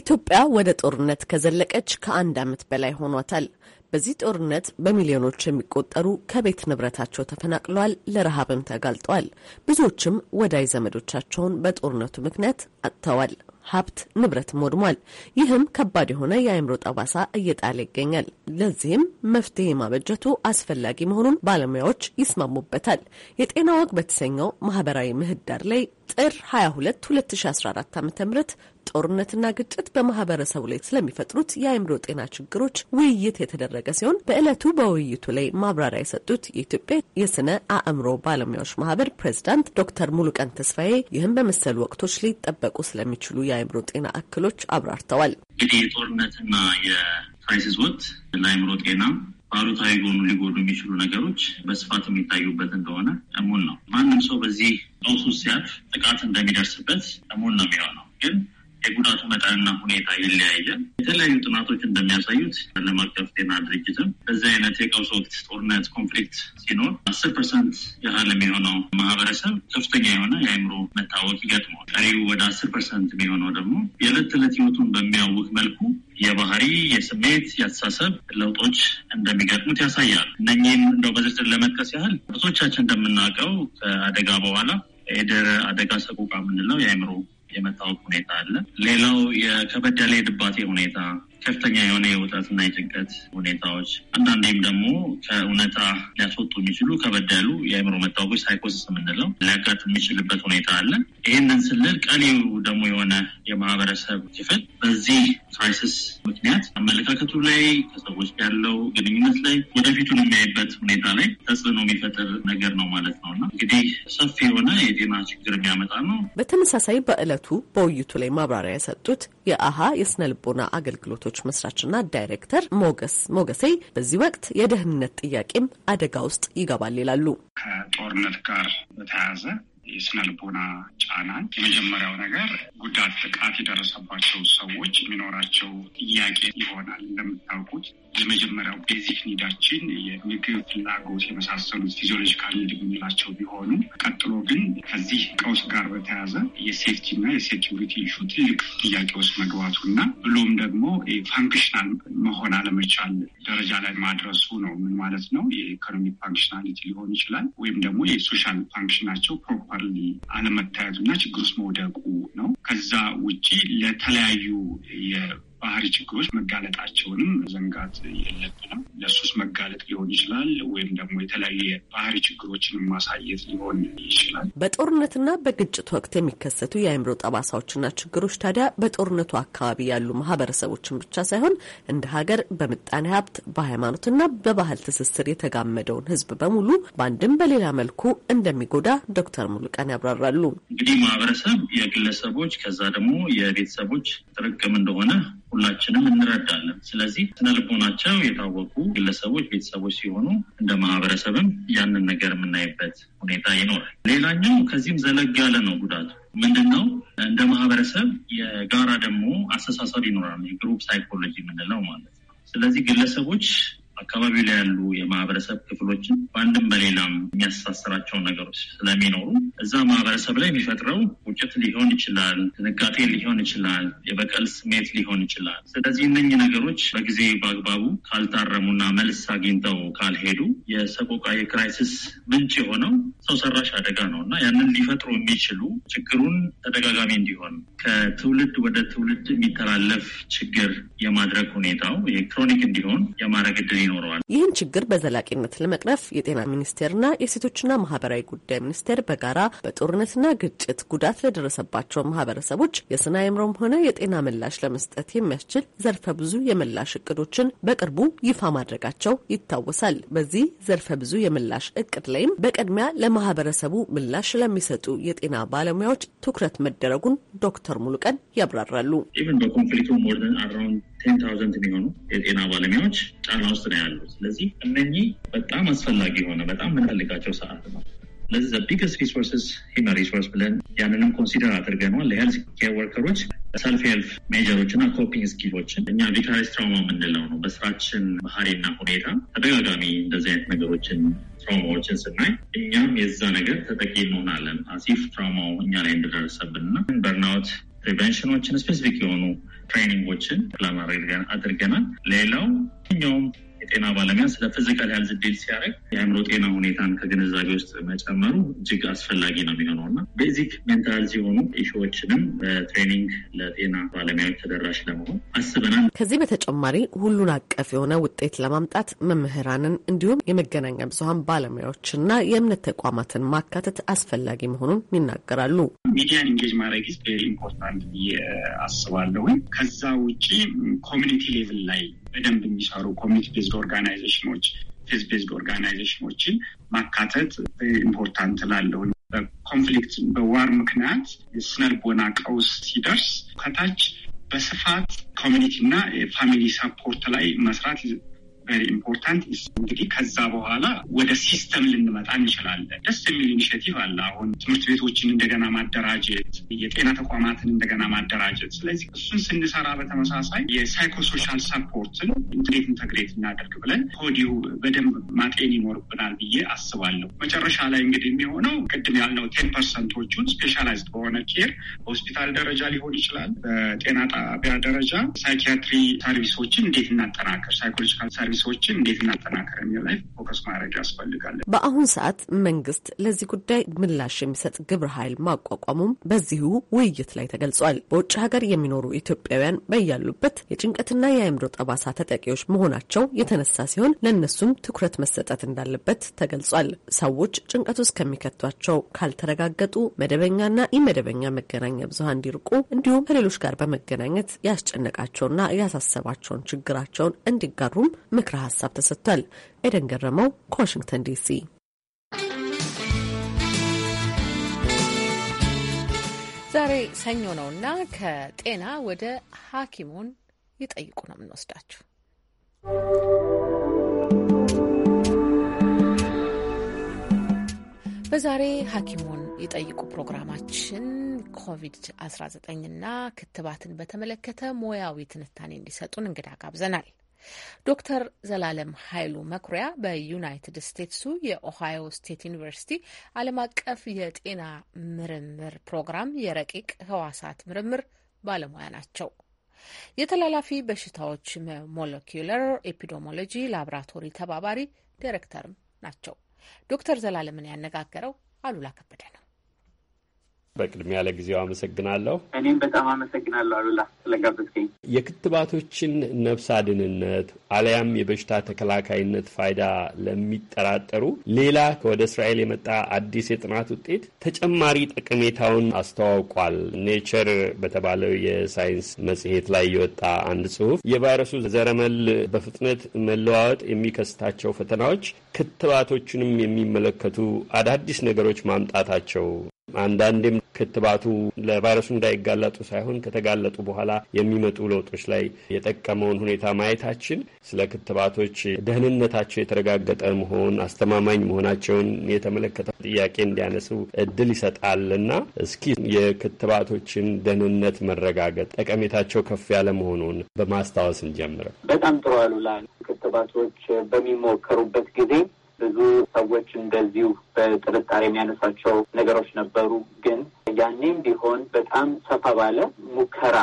ኢትዮጵያ ወደ ጦርነት ከዘለቀች ከአንድ ዓመት በላይ ሆኗታል። በዚህ ጦርነት በሚሊዮኖች የሚቆጠሩ ከቤት ንብረታቸው ተፈናቅለዋል፣ ለረሃብም ተጋልጠዋል። ብዙዎችም ወዳጅ ዘመዶቻቸውን በጦርነቱ ምክንያት አጥተዋል። ሀብት ንብረትም ወድሟል። ይህም ከባድ የሆነ የአእምሮ ጠባሳ እየጣለ ይገኛል። ለዚህም መፍትሄ ማበጀቱ አስፈላጊ መሆኑን ባለሙያዎች ይስማሙበታል። የጤና ወግ በተሰኘው ማህበራዊ ምህዳር ላይ ጥር 22 2014 ዓ ም ጦርነትና ግጭት በማህበረሰቡ ላይ ስለሚፈጥሩት የአእምሮ ጤና ችግሮች ውይይት የተደረገ ሲሆን በዕለቱ በውይይቱ ላይ ማብራሪያ የሰጡት የኢትዮጵያ የስነ አእምሮ ባለሙያዎች ማህበር ፕሬዚዳንት ዶክተር ሙሉቀን ተስፋዬ ይህም በመሰሉ ወቅቶች ሊጠበቁ ስለሚችሉ የአእምሮ ጤና እክሎች አብራርተዋል። እንግዲህ የጦርነትና የክራይሲስ ወቅት ለአእምሮ ጤና ባሉታዊ ጎኑ ሊጎዱ የሚችሉ ነገሮች በስፋት የሚታዩበት እንደሆነ እሙን ነው። ማንም ሰው በዚህ ቀውስ ሲያልፍ ጥቃት እንደሚደርስበት እሙን ነው የሚሆነው ግን የጉዳቱ መጠንና ሁኔታ ይለያያል። የተለያዩ ጥናቶች እንደሚያሳዩት ዓለም አቀፍ ጤና ድርጅትም በዚህ አይነት የቀውስ ወቅት ጦርነት፣ ኮንፍሊክት ሲኖር አስር ፐርሰንት ያህል የሚሆነው ማህበረሰብ ከፍተኛ የሆነ የአእምሮ መታወቅ ይገጥመዋል። ቀሪው ወደ አስር ፐርሰንት የሚሆነው ደግሞ የዕለት ተዕለት ህይወቱን በሚያውቅ መልኩ የባህሪ፣ የስሜት፣ የአስተሳሰብ ለውጦች እንደሚገጥሙት ያሳያል። እነኚህም እንደው በዝርዝር ለመጥቀስ ያህል ብዙዎቻችን እንደምናውቀው ከአደጋ በኋላ የድህረ አደጋ ሰቆቃ የምንለው የአእምሮ የመታወቅ ሁኔታ አለ። ሌላው የከበድ ያለ የድባቴ ሁኔታ ከፍተኛ የሆነ የውጥረትና የጭንቀት ሁኔታዎች አንዳንዴም ደግሞ ከእውነታ ሊያስወጡ የሚችሉ ከበድ ያሉ የአእምሮ መታወቆች ሳይኮሲስ የምንለው ሊያጋጥም የሚችልበት ሁኔታ አለ። ይህንን ስንል ቀሪው ደግሞ የሆነ የማህበረሰብ ክፍል በዚህ ክራይሲስ ምክንያት አመለካከቱ ላይ ከሰዎች ያለው ግንኙነት ላይ ወደፊቱን የሚያይበት ሁኔታ ላይ ተጽዕኖ የሚፈጥር ነገር ነው ማለት ነው እና እንግዲህ ሰፊ የሆነ የጤና ችግር የሚያመጣ ነው። በተመሳሳይ በእለቱ በውይይቱ ላይ ማብራሪያ የሰጡት የአሃ የስነ ልቦና አገልግሎቶች ድርጅቶች መስራችና ዳይሬክተር ሞገስ ሞገሴ በዚህ ወቅት የደህንነት ጥያቄም አደጋ ውስጥ ይገባል ይላሉ። ከጦርነት ጋር በተያያዘ የስነልቦና ጫናን የመጀመሪያው ነገር ጉዳት፣ ጥቃት የደረሰባቸው ሰዎች የሚኖራቸው ጥያቄ ይሆናል። እንደምታውቁት የመጀመሪያው ቤዚክ ኒዳችን የምግብ ፍላጎት የመሳሰሉት ፊዚዮሎጂካል ኒድ የምንላቸው ቢሆኑ ቀጥሎ ግን ከዚህ ቀውስ ጋር በተያያዘ የሴፍቲ እና የሴኪሪቲ ኢሹ ትልቅ ጥያቄ ውስጥ መግባቱ እና ብሎም ደግሞ ፋንክሽናል መሆን አለመቻል ደረጃ ላይ ማድረሱ ነው። ምን ማለት ነው? የኢኮኖሚክ ፋንክሽናሊቲ ሊሆን ይችላል ወይም ደግሞ የሶሻል ፋንክሽናቸው ፕሮፐርሊ አለመታየቱ እና ችግር ውስጥ መውደቁ ነው። ከዛ ውጪ ለተለያዩ ባህሪ ችግሮች መጋለጣቸውንም መዘንጋት የለብንም። ለሱስ መጋለጥ ሊሆን ይችላል ወይም ደግሞ የተለያዩ የባህሪ ችግሮችን ማሳየት ሊሆን ይችላል። በጦርነትና በግጭት ወቅት የሚከሰቱ የአእምሮ ጠባሳዎችና ችግሮች ታዲያ በጦርነቱ አካባቢ ያሉ ማህበረሰቦችን ብቻ ሳይሆን እንደ ሀገር በምጣኔ ሀብት በሃይማኖትና በባህል ትስስር የተጋመደውን ህዝብ በሙሉ በአንድም በሌላ መልኩ እንደሚጎዳ ዶክተር ሙሉቀን ያብራራሉ። እንግዲህ ማህበረሰብ የግለሰቦች ከዛ ደግሞ የቤተሰቦች ጥርቅም እንደሆነ ሁላችንም እንረዳለን። ስለዚህ ስነልቦናቸው የታወቁ ግለሰቦች፣ ቤተሰቦች ሲሆኑ እንደ ማህበረሰብም ያንን ነገር የምናይበት ሁኔታ ይኖራል። ሌላኛው ከዚህም ዘለግ ያለ ነው ጉዳቱ ምንድን ነው? እንደ ማህበረሰብ የጋራ ደግሞ አስተሳሰብ ይኖራል። የግሩፕ ሳይኮሎጂ የምንለው ማለት ነው። ስለዚህ ግለሰቦች አካባቢው ላይ ያሉ የማህበረሰብ ክፍሎችን በአንድም በሌላም የሚያስተሳስራቸውን ነገሮች ስለሚኖሩ እዛ ማህበረሰብ ላይ የሚፈጥረው ውጭት ሊሆን ይችላል፣ ድንጋጤ ሊሆን ይችላል፣ የበቀል ስሜት ሊሆን ይችላል። ስለዚህ እነኚህ ነገሮች በጊዜ በአግባቡ ካልታረሙና መልስ አግኝተው ካልሄዱ የሰቆቃ የክራይሲስ ምንጭ የሆነው ሰው ሰራሽ አደጋ ነው እና ያንን ሊፈጥሩ የሚችሉ ችግሩን ተደጋጋሚ እንዲሆን ከትውልድ ወደ ትውልድ የሚተላለፍ ችግር የማድረግ ሁኔታው ክሮኒክ እንዲሆን የማድረግ እድል ይኖረዋል። ይህን ችግር በዘላቂነት ለመቅረፍ የጤና ሚኒስቴርና የሴቶችና ማህበራዊ ጉዳይ ሚኒስቴር በጋራ በጦርነትና ግጭት ጉዳት ለደረሰባቸው ማህበረሰቦች የስነ አእምሮም ሆነ የጤና ምላሽ ለመስጠት የሚያስችል ዘርፈ ብዙ የምላሽ እቅዶችን በቅርቡ ይፋ ማድረጋቸው ይታወሳል። በዚህ ዘርፈ ብዙ የምላሽ እቅድ ላይም በቅድሚያ ለማህበረሰቡ ምላሽ ለሚሰጡ የጤና ባለሙያዎች ትኩረት መደረጉን ዶክተር ሙሉቀን ያብራራሉ። ቴን ታውዘንድ የሚሆኑ የጤና ባለሙያዎች ጫና ውስጥ ነው ያሉ። ስለዚህ እነኚህ በጣም አስፈላጊ የሆነ በጣም የምንፈልጋቸው ሰዓት ነው። ለዚህ ቢግስ ሪሶርስስ ሂውመን ሪሶርስ ብለን ያንንም ኮንሲደር አድርገነዋል። ለሄልት ኬር ወርከሮች ሰልፍ ሄልፍ ሜጀሮች እና ኮፒንግ ስኪሎችን እኛ ቪካሪስ ትራውማ የምንለው ነው። በስራችን ባህሪና ሁኔታ ተደጋጋሚ እንደዚህ አይነት ነገሮችን ትራውማዎችን ስናይ እኛም የዛ ነገር ተጠቂ እንሆናለን። አሲፍ ትራውማው እኛ ላይ እንደደረሰብን እና በርናውት ፕሪቨንሽኖችን ስፔሲፊክ የሆኑ ትሬኒንጎችን ፕላን አድርገናል። ሌላው ኛውም የጤና ባለሙያ ስለ ፊዚካል ሄልዝ ዲል ሲያደርግ የአእምሮ ጤና ሁኔታን ከግንዛቤ ውስጥ መጨመሩ እጅግ አስፈላጊ ነው የሚሆነው እና ቤዚክ ሜንታል ሲሆኑ ኢሹዎችንም በትሬኒንግ ለጤና ባለሙያዎች ተደራሽ ለመሆን አስበናል። ከዚህ በተጨማሪ ሁሉን አቀፍ የሆነ ውጤት ለማምጣት መምህራንን እንዲሁም የመገናኛ ብዙኃን ባለሙያዎችና የእምነት ተቋማትን ማካተት አስፈላጊ መሆኑን ይናገራሉ። ሚዲያን ኢንጌጅ ማድረግ ኢምፖርታንት ብዬ አስባለሁ። ከዛ ውጭ ኮሚኒቲ ሌቭል ላይ በደንብ የሚሰሩ ኮሚኒቲ ቤዝድ ኦርጋናይዜሽኖች ፌዝ ቤዝድ ኦርጋናይዜሽኖችን ማካተት ኢምፖርታንት ላለው በኮንፍሊክት በዋር ምክንያት የስነልቦና ቀውስ ሲደርስ ከታች በስፋት ኮሚኒቲ እና የፋሚሊ ሰፖርት ላይ መስራት ቨሪ ኢምፖርታንት እንግዲህ ከዛ በኋላ ወደ ሲስተም ልንመጣ እንችላለን። ደስ የሚል ኢኒሽቲቭ አለ። አሁን ትምህርት ቤቶችን እንደገና ማደራጀት፣ የጤና ተቋማትን እንደገና ማደራጀት። ስለዚህ እሱን ስንሰራ በተመሳሳይ የሳይኮሶሻል ሰፖርትን ኢንትግሬት ኢንተግሬት እናደርግ ብለን ከወዲሁ በደንብ ማጤን ይኖርብናል ብዬ አስባለሁ። መጨረሻ ላይ እንግዲህ የሚሆነው ቅድም ያልነው ቴን ፐርሰንቶቹን ስፔሻላይዝድ በሆነ ኬር በሆስፒታል ደረጃ ሊሆን ይችላል፣ በጤና ጣቢያ ደረጃ ሳይኪያትሪ ሰርቪሶችን እንዴት እናጠናከር ሳይኮሎጂካል ሰርቪሶችን እንዴት እናጠናከር የሚል ላይ ፎከስ ማድረግ ያስፈልጋል። በአሁን ሰዓት መንግስት ለዚህ ጉዳይ ምላሽ የሚሰጥ ግብረ ኃይል ማቋቋሙም በዚሁ ውይይት ላይ ተገልጿል። በውጭ ሀገር የሚኖሩ ኢትዮጵያውያን በያሉበት የጭንቀትና የአእምሮ ጠባሳ ተጠቂዎች መሆናቸው የተነሳ ሲሆን ለእነሱም ትኩረት መሰጠት እንዳለበት ተገልጿል። ሰዎች ጭንቀት ውስጥ ከሚከቷቸው ካልተረጋገጡ መደበኛና ኢመደበኛ መገናኛ ብዙሃን እንዲርቁ እንዲሁም ከሌሎች ጋር በመገናኘት ያስጨነቃቸውና ያሳሰባቸውን ችግራቸውን እንዲጋሩም ምክረ ሀሳብ ተሰጥቷል። ኤደን ገረመው ከዋሽንግተን ዲሲ ዛሬ ሰኞ ነውና ከጤና ወደ ሐኪሙን ይጠይቁ ነው የምንወስዳችሁ። በዛሬ ሐኪሙን ይጠይቁ ፕሮግራማችን ኮቪድ-19ና ክትባትን በተመለከተ ሙያዊ ትንታኔ እንዲሰጡን እንግዳ ጋብዘናል። ዶክተር ዘላለም ኃይሉ መኩሪያ በዩናይትድ ስቴትሱ የኦሃዮ ስቴት ዩኒቨርሲቲ ዓለም አቀፍ የጤና ምርምር ፕሮግራም የረቂቅ ህዋሳት ምርምር ባለሙያ ናቸው። የተላላፊ በሽታዎች ሞለኪውለር ኤፒዶሞሎጂ ላብራቶሪ ተባባሪ ዳይሬክተርም ናቸው። ዶክተር ዘላለምን ያነጋገረው አሉላ ከበደ ነው። በቅድሚያ ለጊዜው አመሰግናለሁ። እኔም በጣም አመሰግናለሁ አሉላ ስለጋበዝከኝ። የክትባቶችን ነፍስ አድንነት አሊያም የበሽታ ተከላካይነት ፋይዳ ለሚጠራጠሩ ሌላ ከወደ እስራኤል የመጣ አዲስ የጥናት ውጤት ተጨማሪ ጠቀሜታውን አስተዋውቋል። ኔቸር በተባለው የሳይንስ መጽሔት ላይ የወጣ አንድ ጽሁፍ የቫይረሱ ዘረመል በፍጥነት መለዋወጥ የሚከስታቸው ፈተናዎች ክትባቶችንም የሚመለከቱ አዳዲስ ነገሮች ማምጣታቸው አንዳንዴም ክትባቱ ለቫይረሱ እንዳይጋለጡ ሳይሆን ከተጋለጡ በኋላ የሚመጡ ለውጦች ላይ የጠቀመውን ሁኔታ ማየታችን ስለ ክትባቶች ደህንነታቸው የተረጋገጠ መሆን አስተማማኝ መሆናቸውን የተመለከተ ጥያቄ እንዲያነሱ እድል ይሰጣልና እስኪ የክትባቶችን ደህንነት መረጋገጥ ጠቀሜታቸው ከፍ ያለ መሆኑን በማስታወስ እንጀምር በጣም ጥሩ አሉላ ክትባቶች በሚሞከሩበት ጊዜ ብዙ ሰዎች እንደዚሁ በጥርጣሬ የሚያነሷቸው ነገሮች ነበሩ። ግን ያኔም ቢሆን በጣም ሰፋ ባለ ሙከራ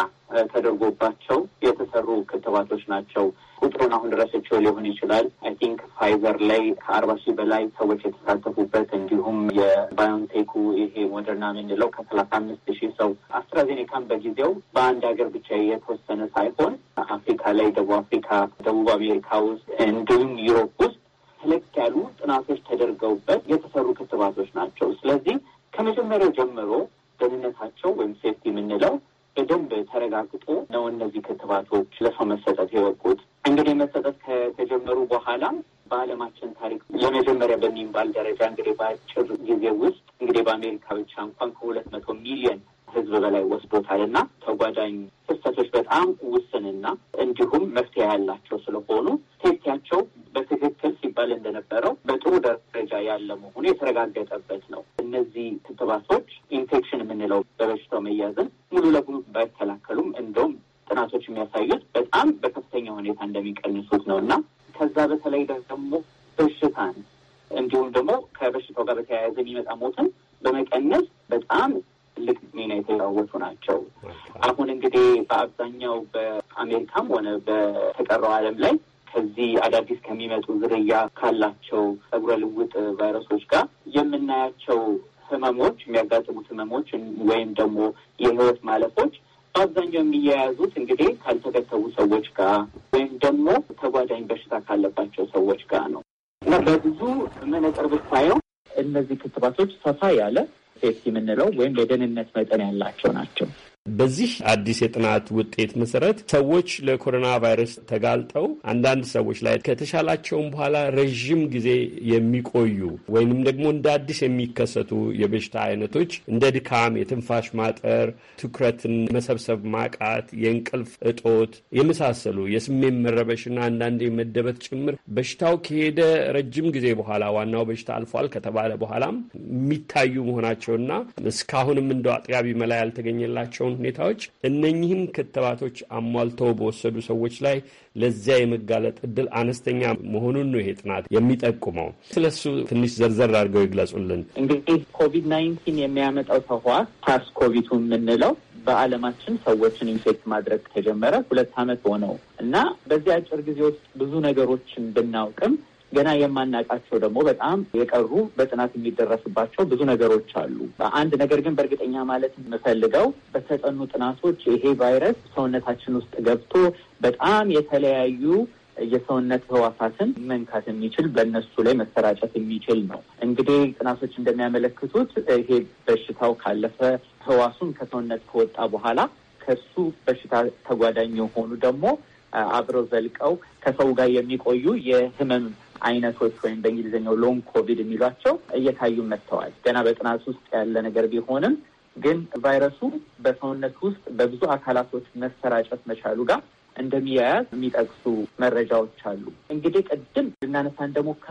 ተደርጎባቸው የተሰሩ ክትባቶች ናቸው። ቁጥሩን አሁን ድረስ ሊሆን ይችላል። አይ ቲንክ ፋይዘር ላይ ከአርባ ሺህ በላይ ሰዎች የተሳተፉበት እንዲሁም የባዮንቴኩ ይሄ ሞደርና የምንለው ከሰላሳ አምስት ሺህ ሰው አስትራዜኔካን በጊዜው በአንድ ሀገር ብቻ የተወሰነ ሳይሆን አፍሪካ ላይ፣ ደቡብ አፍሪካ፣ ደቡብ አሜሪካ ውስጥ እንዲሁም ዩሮፕ ተለቅ ያሉ ጥናቶች ተደርገውበት የተሰሩ ክትባቶች ናቸው። ስለዚህ ከመጀመሪያው ጀምሮ ደህንነታቸው ወይም ሴፍቲ የምንለው በደንብ ተረጋግጦ ነው እነዚህ ክትባቶች ለሰው መሰጠት የበቁት። እንግዲህ መሰጠት ከተጀመሩ በኋላ በዓለማችን ታሪክ ለመጀመሪያ በሚባል ደረጃ እንግዲህ በአጭር ጊዜ ውስጥ እንግዲህ በአሜሪካ ብቻ እንኳን ከሁለት መቶ ሚሊዮን ህዝብ በላይ ወስዶታል እና ተጓዳኝ ክስተቶች በጣም ውስንና እንዲሁም መፍትሄ ያላቸው ስለሆኑ ቴስቲያቸው በትክክል ሲባል እንደነበረው በጥሩ ደረጃ ያለ መሆኑ የተረጋገጠበት ነው። እነዚህ ክትባቶች ኢንፌክሽን የምንለው በበሽታው መያዝን ሙሉ ለሙሉ ባይከላከሉም እንደውም ጥናቶች የሚያሳዩት በጣም በከፍተኛ ሁኔታ እንደሚቀንሱት ነው እና ከዛ በተለይ ደግሞ በሽታን እንዲሁም ደግሞ ከበሽታው ጋር በተያያዘ የሚመጣ ሞትን በመቀነስ በጣም ትልቅ ሚና የተጫወቱ ናቸው። አሁን እንግዲህ በአብዛኛው በአሜሪካም ሆነ በተቀረው ዓለም ላይ ከዚህ አዳዲስ ከሚመጡ ዝርያ ካላቸው ጸጉረ ልውጥ ቫይረሶች ጋር የምናያቸው ህመሞች፣ የሚያጋጥሙት ህመሞች ወይም ደግሞ የህይወት ማለፎች በአብዛኛው የሚያያዙት እንግዲህ ካልተከተቡ ሰዎች ጋር ወይም ደግሞ ተጓዳኝ በሽታ ካለባቸው ሰዎች ጋር ነው እና በብዙ መነጽር ብታየው እነዚህ ክትባቶች ሰፋ ያለ ሴፍቲ የምንለው ወይም የደህንነት መጠን ያላቸው ናቸው። በዚህ አዲስ የጥናት ውጤት መሰረት ሰዎች ለኮሮና ቫይረስ ተጋልጠው አንዳንድ ሰዎች ላይ ከተሻላቸውም በኋላ ረዥም ጊዜ የሚቆዩ ወይንም ደግሞ እንደ አዲስ የሚከሰቱ የበሽታ አይነቶች እንደ ድካም፣ የትንፋሽ ማጠር፣ ትኩረትን መሰብሰብ ማቃት፣ የእንቅልፍ እጦት የመሳሰሉ የስሜት መረበሽና አንዳንድ የመደበት ጭምር በሽታው ከሄደ ረጅም ጊዜ በኋላ ዋናው በሽታ አልፏል ከተባለ በኋላም የሚታዩ መሆናቸውና እስካሁንም እንደ አጥጋቢ መላ ያልተገኘላቸውን ሁኔታዎች እነኚህን ክትባቶች አሟልተው በወሰዱ ሰዎች ላይ ለዚያ የመጋለጥ እድል አነስተኛ መሆኑን ነው ይሄ ጥናት የሚጠቁመው። ስለሱ ትንሽ ዘርዘር አድርገው ይግለጹልን። እንግዲህ ኮቪድ ናይንቲን የሚያመጣው ተህዋስ ሳርስ ኮቪቱ የምንለው በዓለማችን ሰዎችን ኢንፌክት ማድረግ ከጀመረ ሁለት ዓመት ሆነው እና በዚህ አጭር ጊዜ ውስጥ ብዙ ነገሮችን ብናውቅም ገና የማናውቃቸው ደግሞ በጣም የቀሩ በጥናት የሚደረስባቸው ብዙ ነገሮች አሉ። አንድ ነገር ግን በእርግጠኛ ማለት የምፈልገው በተጠኑ ጥናቶች ይሄ ቫይረስ ሰውነታችን ውስጥ ገብቶ በጣም የተለያዩ የሰውነት ህዋሳትን መንካት የሚችል በእነሱ ላይ መሰራጨት የሚችል ነው። እንግዲህ ጥናቶች እንደሚያመለክቱት ይሄ በሽታው ካለፈ ህዋሱን ከሰውነት ከወጣ በኋላ ከሱ በሽታ ተጓዳኝ የሆኑ ደግሞ አብረው ዘልቀው ከሰው ጋር የሚቆዩ የህመም አይነቶች ወይም በእንግሊዝኛው ሎንግ ኮቪድ የሚሏቸው እየታዩ መጥተዋል። ገና በጥናት ውስጥ ያለ ነገር ቢሆንም ግን ቫይረሱ በሰውነት ውስጥ በብዙ አካላቶች መሰራጨት መቻሉ ጋር እንደሚያያዝ የሚጠቅሱ መረጃዎች አሉ። እንግዲህ ቅድም ልናነሳ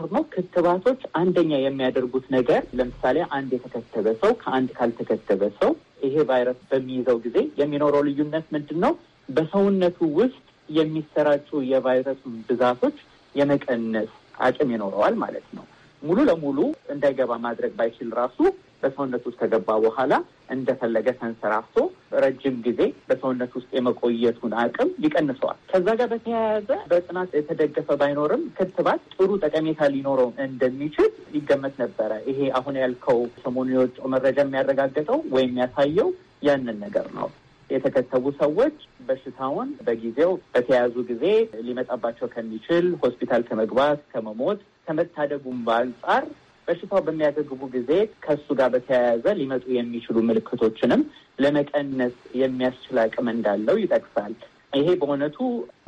ነው ክትባቶች አንደኛ የሚያደርጉት ነገር ለምሳሌ አንድ የተከተበ ሰው ከአንድ ካልተከተበ ሰው ይሄ ቫይረስ በሚይዘው ጊዜ የሚኖረው ልዩነት ምንድን ነው? በሰውነቱ ውስጥ የሚሰራጩ የቫይረሱ ብዛቶች የመቀነስ አቅም ይኖረዋል ማለት ነው። ሙሉ ለሙሉ እንዳይገባ ማድረግ ባይችል ራሱ በሰውነት ውስጥ ከገባ በኋላ እንደፈለገ ተንሰራፍቶ ረጅም ጊዜ በሰውነት ውስጥ የመቆየቱን አቅም ይቀንሰዋል። ከዛ ጋር በተያያዘ በጥናት የተደገፈ ባይኖርም ክትባት ጥሩ ጠቀሜታ ሊኖረው እንደሚችል ይገመት ነበረ። ይሄ አሁን ያልከው ሰሞኑን የወጣው መረጃ የሚያረጋግጠው ወይም የሚያሳየው ያንን ነገር ነው። የተከተቡ ሰዎች በሽታውን በጊዜው በተያዙ ጊዜ ሊመጣባቸው ከሚችል ሆስፒታል ከመግባት ከመሞት ከመታደጉም በአንጻር በሽታው በሚያገግቡ ጊዜ ከእሱ ጋር በተያያዘ ሊመጡ የሚችሉ ምልክቶችንም ለመቀነስ የሚያስችል አቅም እንዳለው ይጠቅሳል። ይሄ በእውነቱ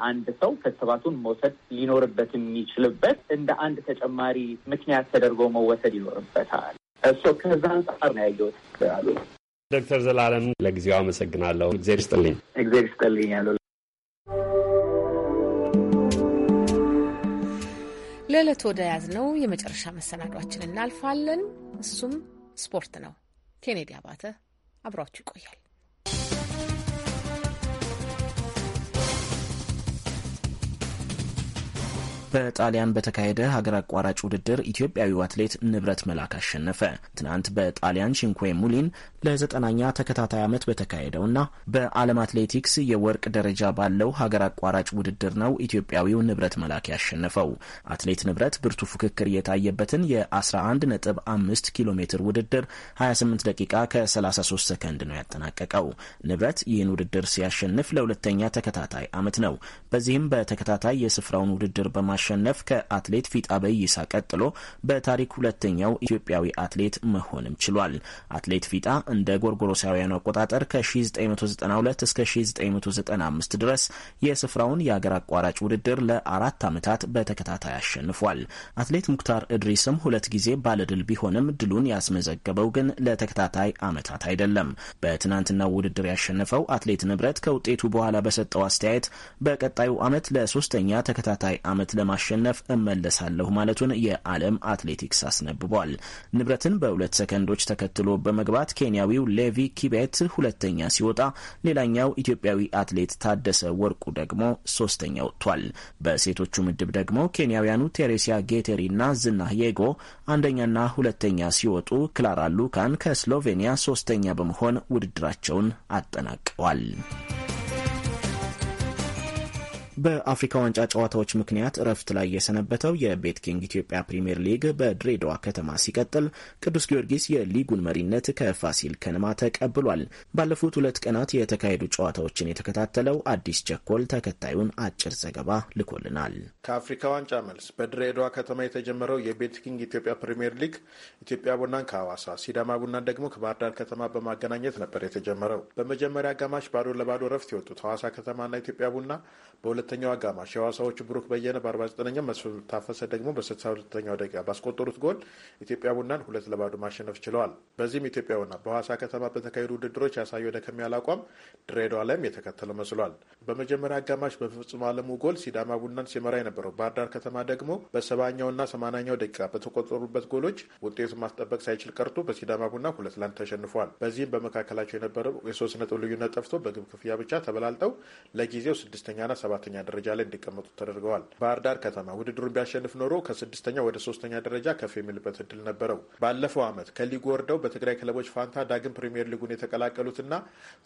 አንድ ሰው ክትባቱን መውሰድ ሊኖርበት የሚችልበት እንደ አንድ ተጨማሪ ምክንያት ተደርጎ መወሰድ ይኖርበታል። እሱ ከዛ አንጻር ነው ያየሁት አሉ። ዶክተር ዘላለም ለጊዜው አመሰግናለሁ። እግዜር ይስጥልኝ። እግዜር ይስጥልኝ። ለዕለት ወደ ያዝነው የመጨረሻ መሰናዷችን እናልፋለን። እሱም ስፖርት ነው። ኬኔዲ አባተ አብሯችሁ ይቆያል። በጣሊያን በተካሄደ ሀገር አቋራጭ ውድድር ኢትዮጵያዊው አትሌት ንብረት መላክ አሸነፈ። ትናንት በጣሊያን ቺንኩዌ ሙሊን ለዘጠናኛ ተከታታይ ዓመት ና በዓለም አትሌቲክስ የወርቅ ደረጃ ባለው ሀገር አቋራጭ ውድድር ነው ኢትዮጵያዊው ንብረት መላክ ያሸነፈው። አትሌት ንብረት ብርቱ ፉክክር የታየበትን የ 5 ኪሎ ሜትር ውድድር 28 ደቂቃ ከ33 ሰከንድ ነው ያጠናቀቀው። ንብረት ይህን ውድድር ሲያሸንፍ ለሁለተኛ ተከታታይ ዓመት ነው። በዚህም በተከታታይ የስፍራውን ውድድር በማ በማሸነፍ ከአትሌት ፊጣበይ ይሳ ቀጥሎ በታሪክ ሁለተኛው ኢትዮጵያዊ አትሌት መሆንም ችሏል። አትሌት ፊጣ እንደ ጎርጎሮሳውያኑ አቆጣጠር ከ1992 እስከ 1995 ድረስ የስፍራውን የአገር አቋራጭ ውድድር ለአራት ዓመታት በተከታታይ አሸንፏል። አትሌት ሙክታር እድሪስም ሁለት ጊዜ ባለድል ቢሆንም ድሉን ያስመዘገበው ግን ለተከታታይ ዓመታት አይደለም። በትናንትናው ውድድር ያሸነፈው አትሌት ንብረት ከውጤቱ በኋላ በሰጠው አስተያየት በቀጣዩ ዓመት ለሶስተኛ ተከታታይ ዓመት ለማ ለማሸነፍ እመለሳለሁ ማለቱን የዓለም አትሌቲክስ አስነብቧል። ንብረትን በሁለት ሰከንዶች ተከትሎ በመግባት ኬንያዊው ሌቪ ኪቤት ሁለተኛ ሲወጣ፣ ሌላኛው ኢትዮጵያዊ አትሌት ታደሰ ወርቁ ደግሞ ሶስተኛ ወጥቷል። በሴቶቹ ምድብ ደግሞ ኬንያውያኑ ቴሬሲያ ጌቴሪ እና ዝና የጎ አንደኛና ሁለተኛ ሲወጡ፣ ክላራ ሉካን ከስሎቬኒያ ሶስተኛ በመሆን ውድድራቸውን አጠናቀዋል። በአፍሪካ ዋንጫ ጨዋታዎች ምክንያት እረፍት ላይ የሰነበተው የቤት ኪንግ ኢትዮጵያ ፕሪምየር ሊግ በድሬዳዋ ከተማ ሲቀጥል ቅዱስ ጊዮርጊስ የሊጉን መሪነት ከፋሲል ከነማ ተቀብሏል። ባለፉት ሁለት ቀናት የተካሄዱ ጨዋታዎችን የተከታተለው አዲስ ቸኮል ተከታዩን አጭር ዘገባ ልኮልናል። ከአፍሪካ ዋንጫ መልስ በድሬዳዋ ከተማ የተጀመረው የቤት ኪንግ ኢትዮጵያ ፕሪምየር ሊግ ኢትዮጵያ ቡናን ከሐዋሳ፣ ሲዳማ ቡናን ደግሞ ከባህር ዳር ከተማ በማገናኘት ነበር የተጀመረው። በመጀመሪያ አጋማሽ ባዶ ለባዶ እረፍት የወጡት ሐዋሳ ከተማና ኢትዮጵያ ቡና በሁለት በሁለተኛው አጋማሽ የሐዋሳዎቹ ብሩክ በየነ በ49ኛው መስፍን ታፈሰ ደግሞ በ62ኛው ደቂቃ ባስቆጠሩት ጎል ኢትዮጵያ ቡናን ሁለት ለባዶ ማሸነፍ ችለዋል። በዚህም ኢትዮጵያ ቡና በሐዋሳ ከተማ በተካሄዱ ውድድሮች ያሳየው ደከም ያለ አቋም ድሬዳዋ ላይም የተከተለው መስሏል። በመጀመሪያ አጋማሽ በፍጹም አለሙ ጎል ሲዳማ ቡናን ሲመራ የነበረው ባህር ዳር ከተማ ደግሞ በሰባኛውና ሰማናኛው ደቂቃ በተቆጠሩበት ጎሎች ውጤቱ ማስጠበቅ ሳይችል ቀርቶ በሲዳማ ቡና ሁለት ለአንድ ተሸንፏል። በዚህም በመካከላቸው የነበረው የሶስት ነጥብ ልዩነት ጠፍቶ በግብ ክፍያ ብቻ ተበላልጠው ለጊዜው ስድስተኛና ሰባተኛ ደረጃ ላይ እንዲቀመጡ ተደርገዋል። ባህር ዳር ከተማ ውድድሩን ቢያሸንፍ ኖሮ ከስድስተኛ ወደ ሶስተኛ ደረጃ ከፍ የሚልበት እድል ነበረው። ባለፈው ዓመት ከሊጉ ወርደው በትግራይ ክለቦች ፋንታ ዳግም ፕሪምየር ሊጉን የተቀላቀሉትና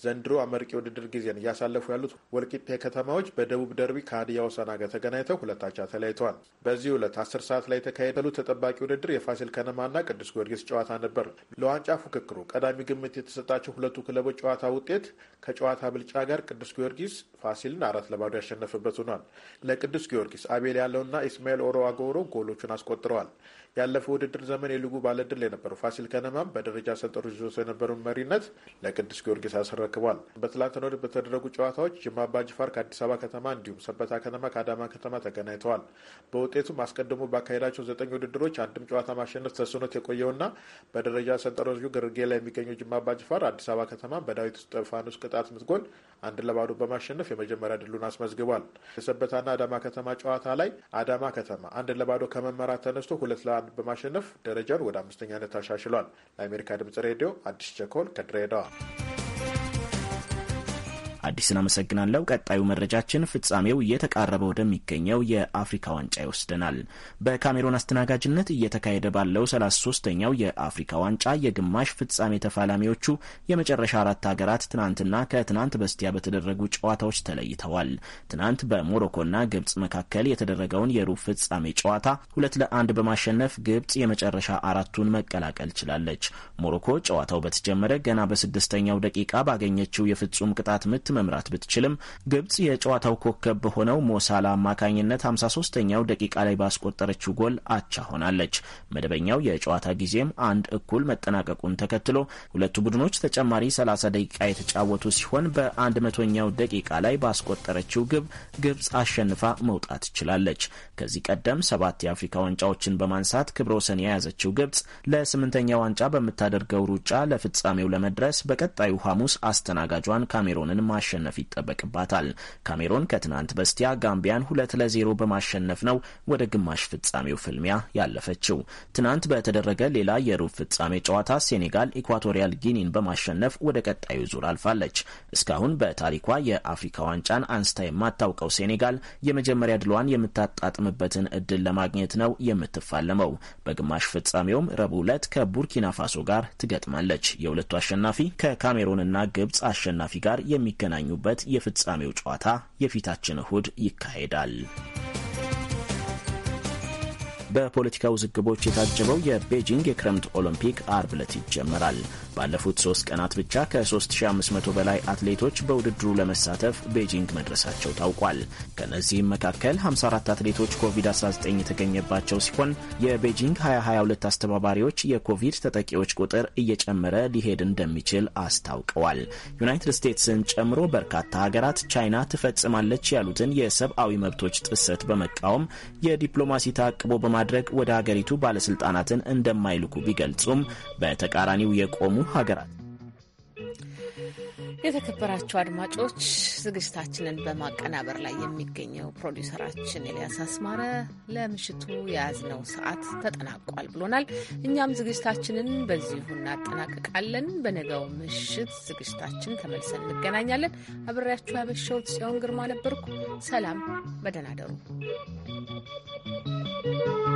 ዘንድሮ አመርቂ ውድድር ጊዜን እያሳለፉ ያሉት ወልቂጤ ከተማዎች በደቡብ ደርቢ ከሀዲያ ሆሳዕና ጋር ተገናኝተው ሁለታቻ ተለያይተዋል። በዚህ ዕለት አስር ሰዓት ላይ የተካሄደሉ ተጠባቂ ውድድር የፋሲል ከነማና ቅዱስ ጊዮርጊስ ጨዋታ ነበር። ለዋንጫ ፉክክሩ ቀዳሚ ግምት የተሰጣቸው ሁለቱ ክለቦች ጨዋታ ውጤት ከጨዋታ ብልጫ ጋር ቅዱስ ጊዮርጊስ ፋሲልን አራት ለባዶ ያሸነፈ የሚያርፍበት ሆኗል። ለቅዱስ ጊዮርጊስ አቤል ያለውና ኢስማኤል ኦሮ አጎሮ ጎሎቹን አስቆጥረዋል። ያለፈው ውድድር ዘመን የሊጉ ባለድል የነበረው ፋሲል ከነማም በደረጃ ሰንጠረዡ ይዞት የነበረውን መሪነት ለቅዱስ ጊዮርጊስ አስረክቧል። በትላንትናው ዕለት በተደረጉ ጨዋታዎች ጅማ አባጅፋር ከአዲስ አበባ ከተማ እንዲሁም ሰበታ ከተማ ከአዳማ ከተማ ተገናኝተዋል። በውጤቱም አስቀድሞ ባካሄዳቸው ዘጠኝ ውድድሮች አንድም ጨዋታ ማሸነፍ ተስኖት የቆየውና በደረጃ ሰንጠረዡ ግርጌ ላይ የሚገኘው ጅማ አባጅፋር አዲስ አበባ ከተማ በዳዊት እስጢፋኖስ ቅጣት ምት ጎል አንድ ለባዶ በማሸነፍ የመጀመሪያ ድሉን አስመዝግቧል። የሰበታና አዳማ ከተማ ጨዋታ ላይ አዳማ ከተማ አንድ ለባዶ ከመመራት ተነስቶ ሁለት ለ አንድ በማሸነፍ ደረጃውን ወደ አምስተኛነት አሻሽሏል። ለአሜሪካ ድምጽ ሬዲዮ አዲስ ቸኮል ከድሬዳዋ አዲስን አመሰግናለሁ። ቀጣዩ መረጃችን ፍጻሜው እየተቃረበ ወደሚገኘው የአፍሪካ ዋንጫ ይወስደናል። በካሜሮን አስተናጋጅነት እየተካሄደ ባለው 33ኛው የአፍሪካ ዋንጫ የግማሽ ፍጻሜ ተፋላሚዎቹ የመጨረሻ አራት ሀገራት ትናንትና ከትናንት በስቲያ በተደረጉ ጨዋታዎች ተለይተዋል። ትናንት በሞሮኮና ግብጽ መካከል የተደረገውን የሩብ ፍጻሜ ጨዋታ ሁለት ለአንድ በማሸነፍ ግብጽ የመጨረሻ አራቱን መቀላቀል ችላለች። ሞሮኮ ጨዋታው በተጀመረ ገና በስድስተኛው ደቂቃ ባገኘችው የፍጹም ቅጣት ምት መምራት ብትችልም ግብጽ የጨዋታው ኮከብ በሆነው ሞሳላ አማካኝነት 53ኛው ደቂቃ ላይ ባስቆጠረችው ጎል አቻ ሆናለች። መደበኛው የጨዋታ ጊዜም አንድ እኩል መጠናቀቁን ተከትሎ ሁለቱ ቡድኖች ተጨማሪ 30 ደቂቃ የተጫወቱ ሲሆን በ100ኛው ደቂቃ ላይ ባስቆጠረችው ግብ ግብጽ አሸንፋ መውጣት ችላለች። ከዚህ ቀደም ሰባት የአፍሪካ ዋንጫዎችን በማንሳት ክብረ ወሰን የያዘችው ግብጽ ለስምንተኛ ዋንጫ በምታደርገው ሩጫ ለፍጻሜው ለመድረስ በቀጣዩ ሐሙስ አስተናጋጇን ካሜሮንን ማ ማሸነፍ ይጠበቅባታል። ካሜሮን ከትናንት በስቲያ ጋምቢያን ሁለት ለዜሮ በማሸነፍ ነው ወደ ግማሽ ፍጻሜው ፍልሚያ ያለፈችው። ትናንት በተደረገ ሌላ የሩብ ፍጻሜ ጨዋታ ሴኔጋል ኢኳቶሪያል ጊኒን በማሸነፍ ወደ ቀጣዩ ዙር አልፋለች። እስካሁን በታሪኳ የአፍሪካ ዋንጫን አንስታ የማታውቀው ሴኔጋል የመጀመሪያ ድሏን የምታጣጥምበትን እድል ለማግኘት ነው የምትፋለመው። በግማሽ ፍጻሜውም ረቡዕ ዕለት ከቡርኪና ፋሶ ጋር ትገጥማለች። የሁለቱ አሸናፊ ከካሜሮንና ግብፅ አሸናፊ ጋር የሚገናኝ የሚገናኙበት የፍጻሜው ጨዋታ የፊታችን እሁድ ይካሄዳል። በፖለቲካ ውዝግቦች የታጀበው የቤጂንግ የክረምት ኦሎምፒክ አርብ ዕለት ይጀመራል። ባለፉት ሶስት ቀናት ብቻ ከ3500 በላይ አትሌቶች በውድድሩ ለመሳተፍ ቤጂንግ መድረሳቸው ታውቋል። ከእነዚህም መካከል 54 አትሌቶች ኮቪድ-19 የተገኘባቸው ሲሆን የቤጂንግ 2022 አስተባባሪዎች የኮቪድ ተጠቂዎች ቁጥር እየጨመረ ሊሄድ እንደሚችል አስታውቀዋል። ዩናይትድ ስቴትስን ጨምሮ በርካታ ሀገራት ቻይና ትፈጽማለች ያሉትን የሰብአዊ መብቶች ጥሰት በመቃወም የዲፕሎማሲ ታቅቦ በማ ለማድረግ ወደ ሀገሪቱ ባለስልጣናትን እንደማይልኩ ቢገልጹም በተቃራኒው የቆሙ ሀገራት የተከበራችሁ አድማጮች ዝግጅታችንን በማቀናበር ላይ የሚገኘው ፕሮዲውሰራችን ኤልያስ አስማረ ለምሽቱ የያዝነው ሰዓት ተጠናቋል ብሎናል። እኛም ዝግጅታችንን በዚሁ እናጠናቅቃለን። በነገው ምሽት ዝግጅታችን ተመልሰን እንገናኛለን። አብሬያችሁ ያመሸሁት ጽዮን ግርማ ነበርኩ። ሰላም፣ በደህና ደሩ።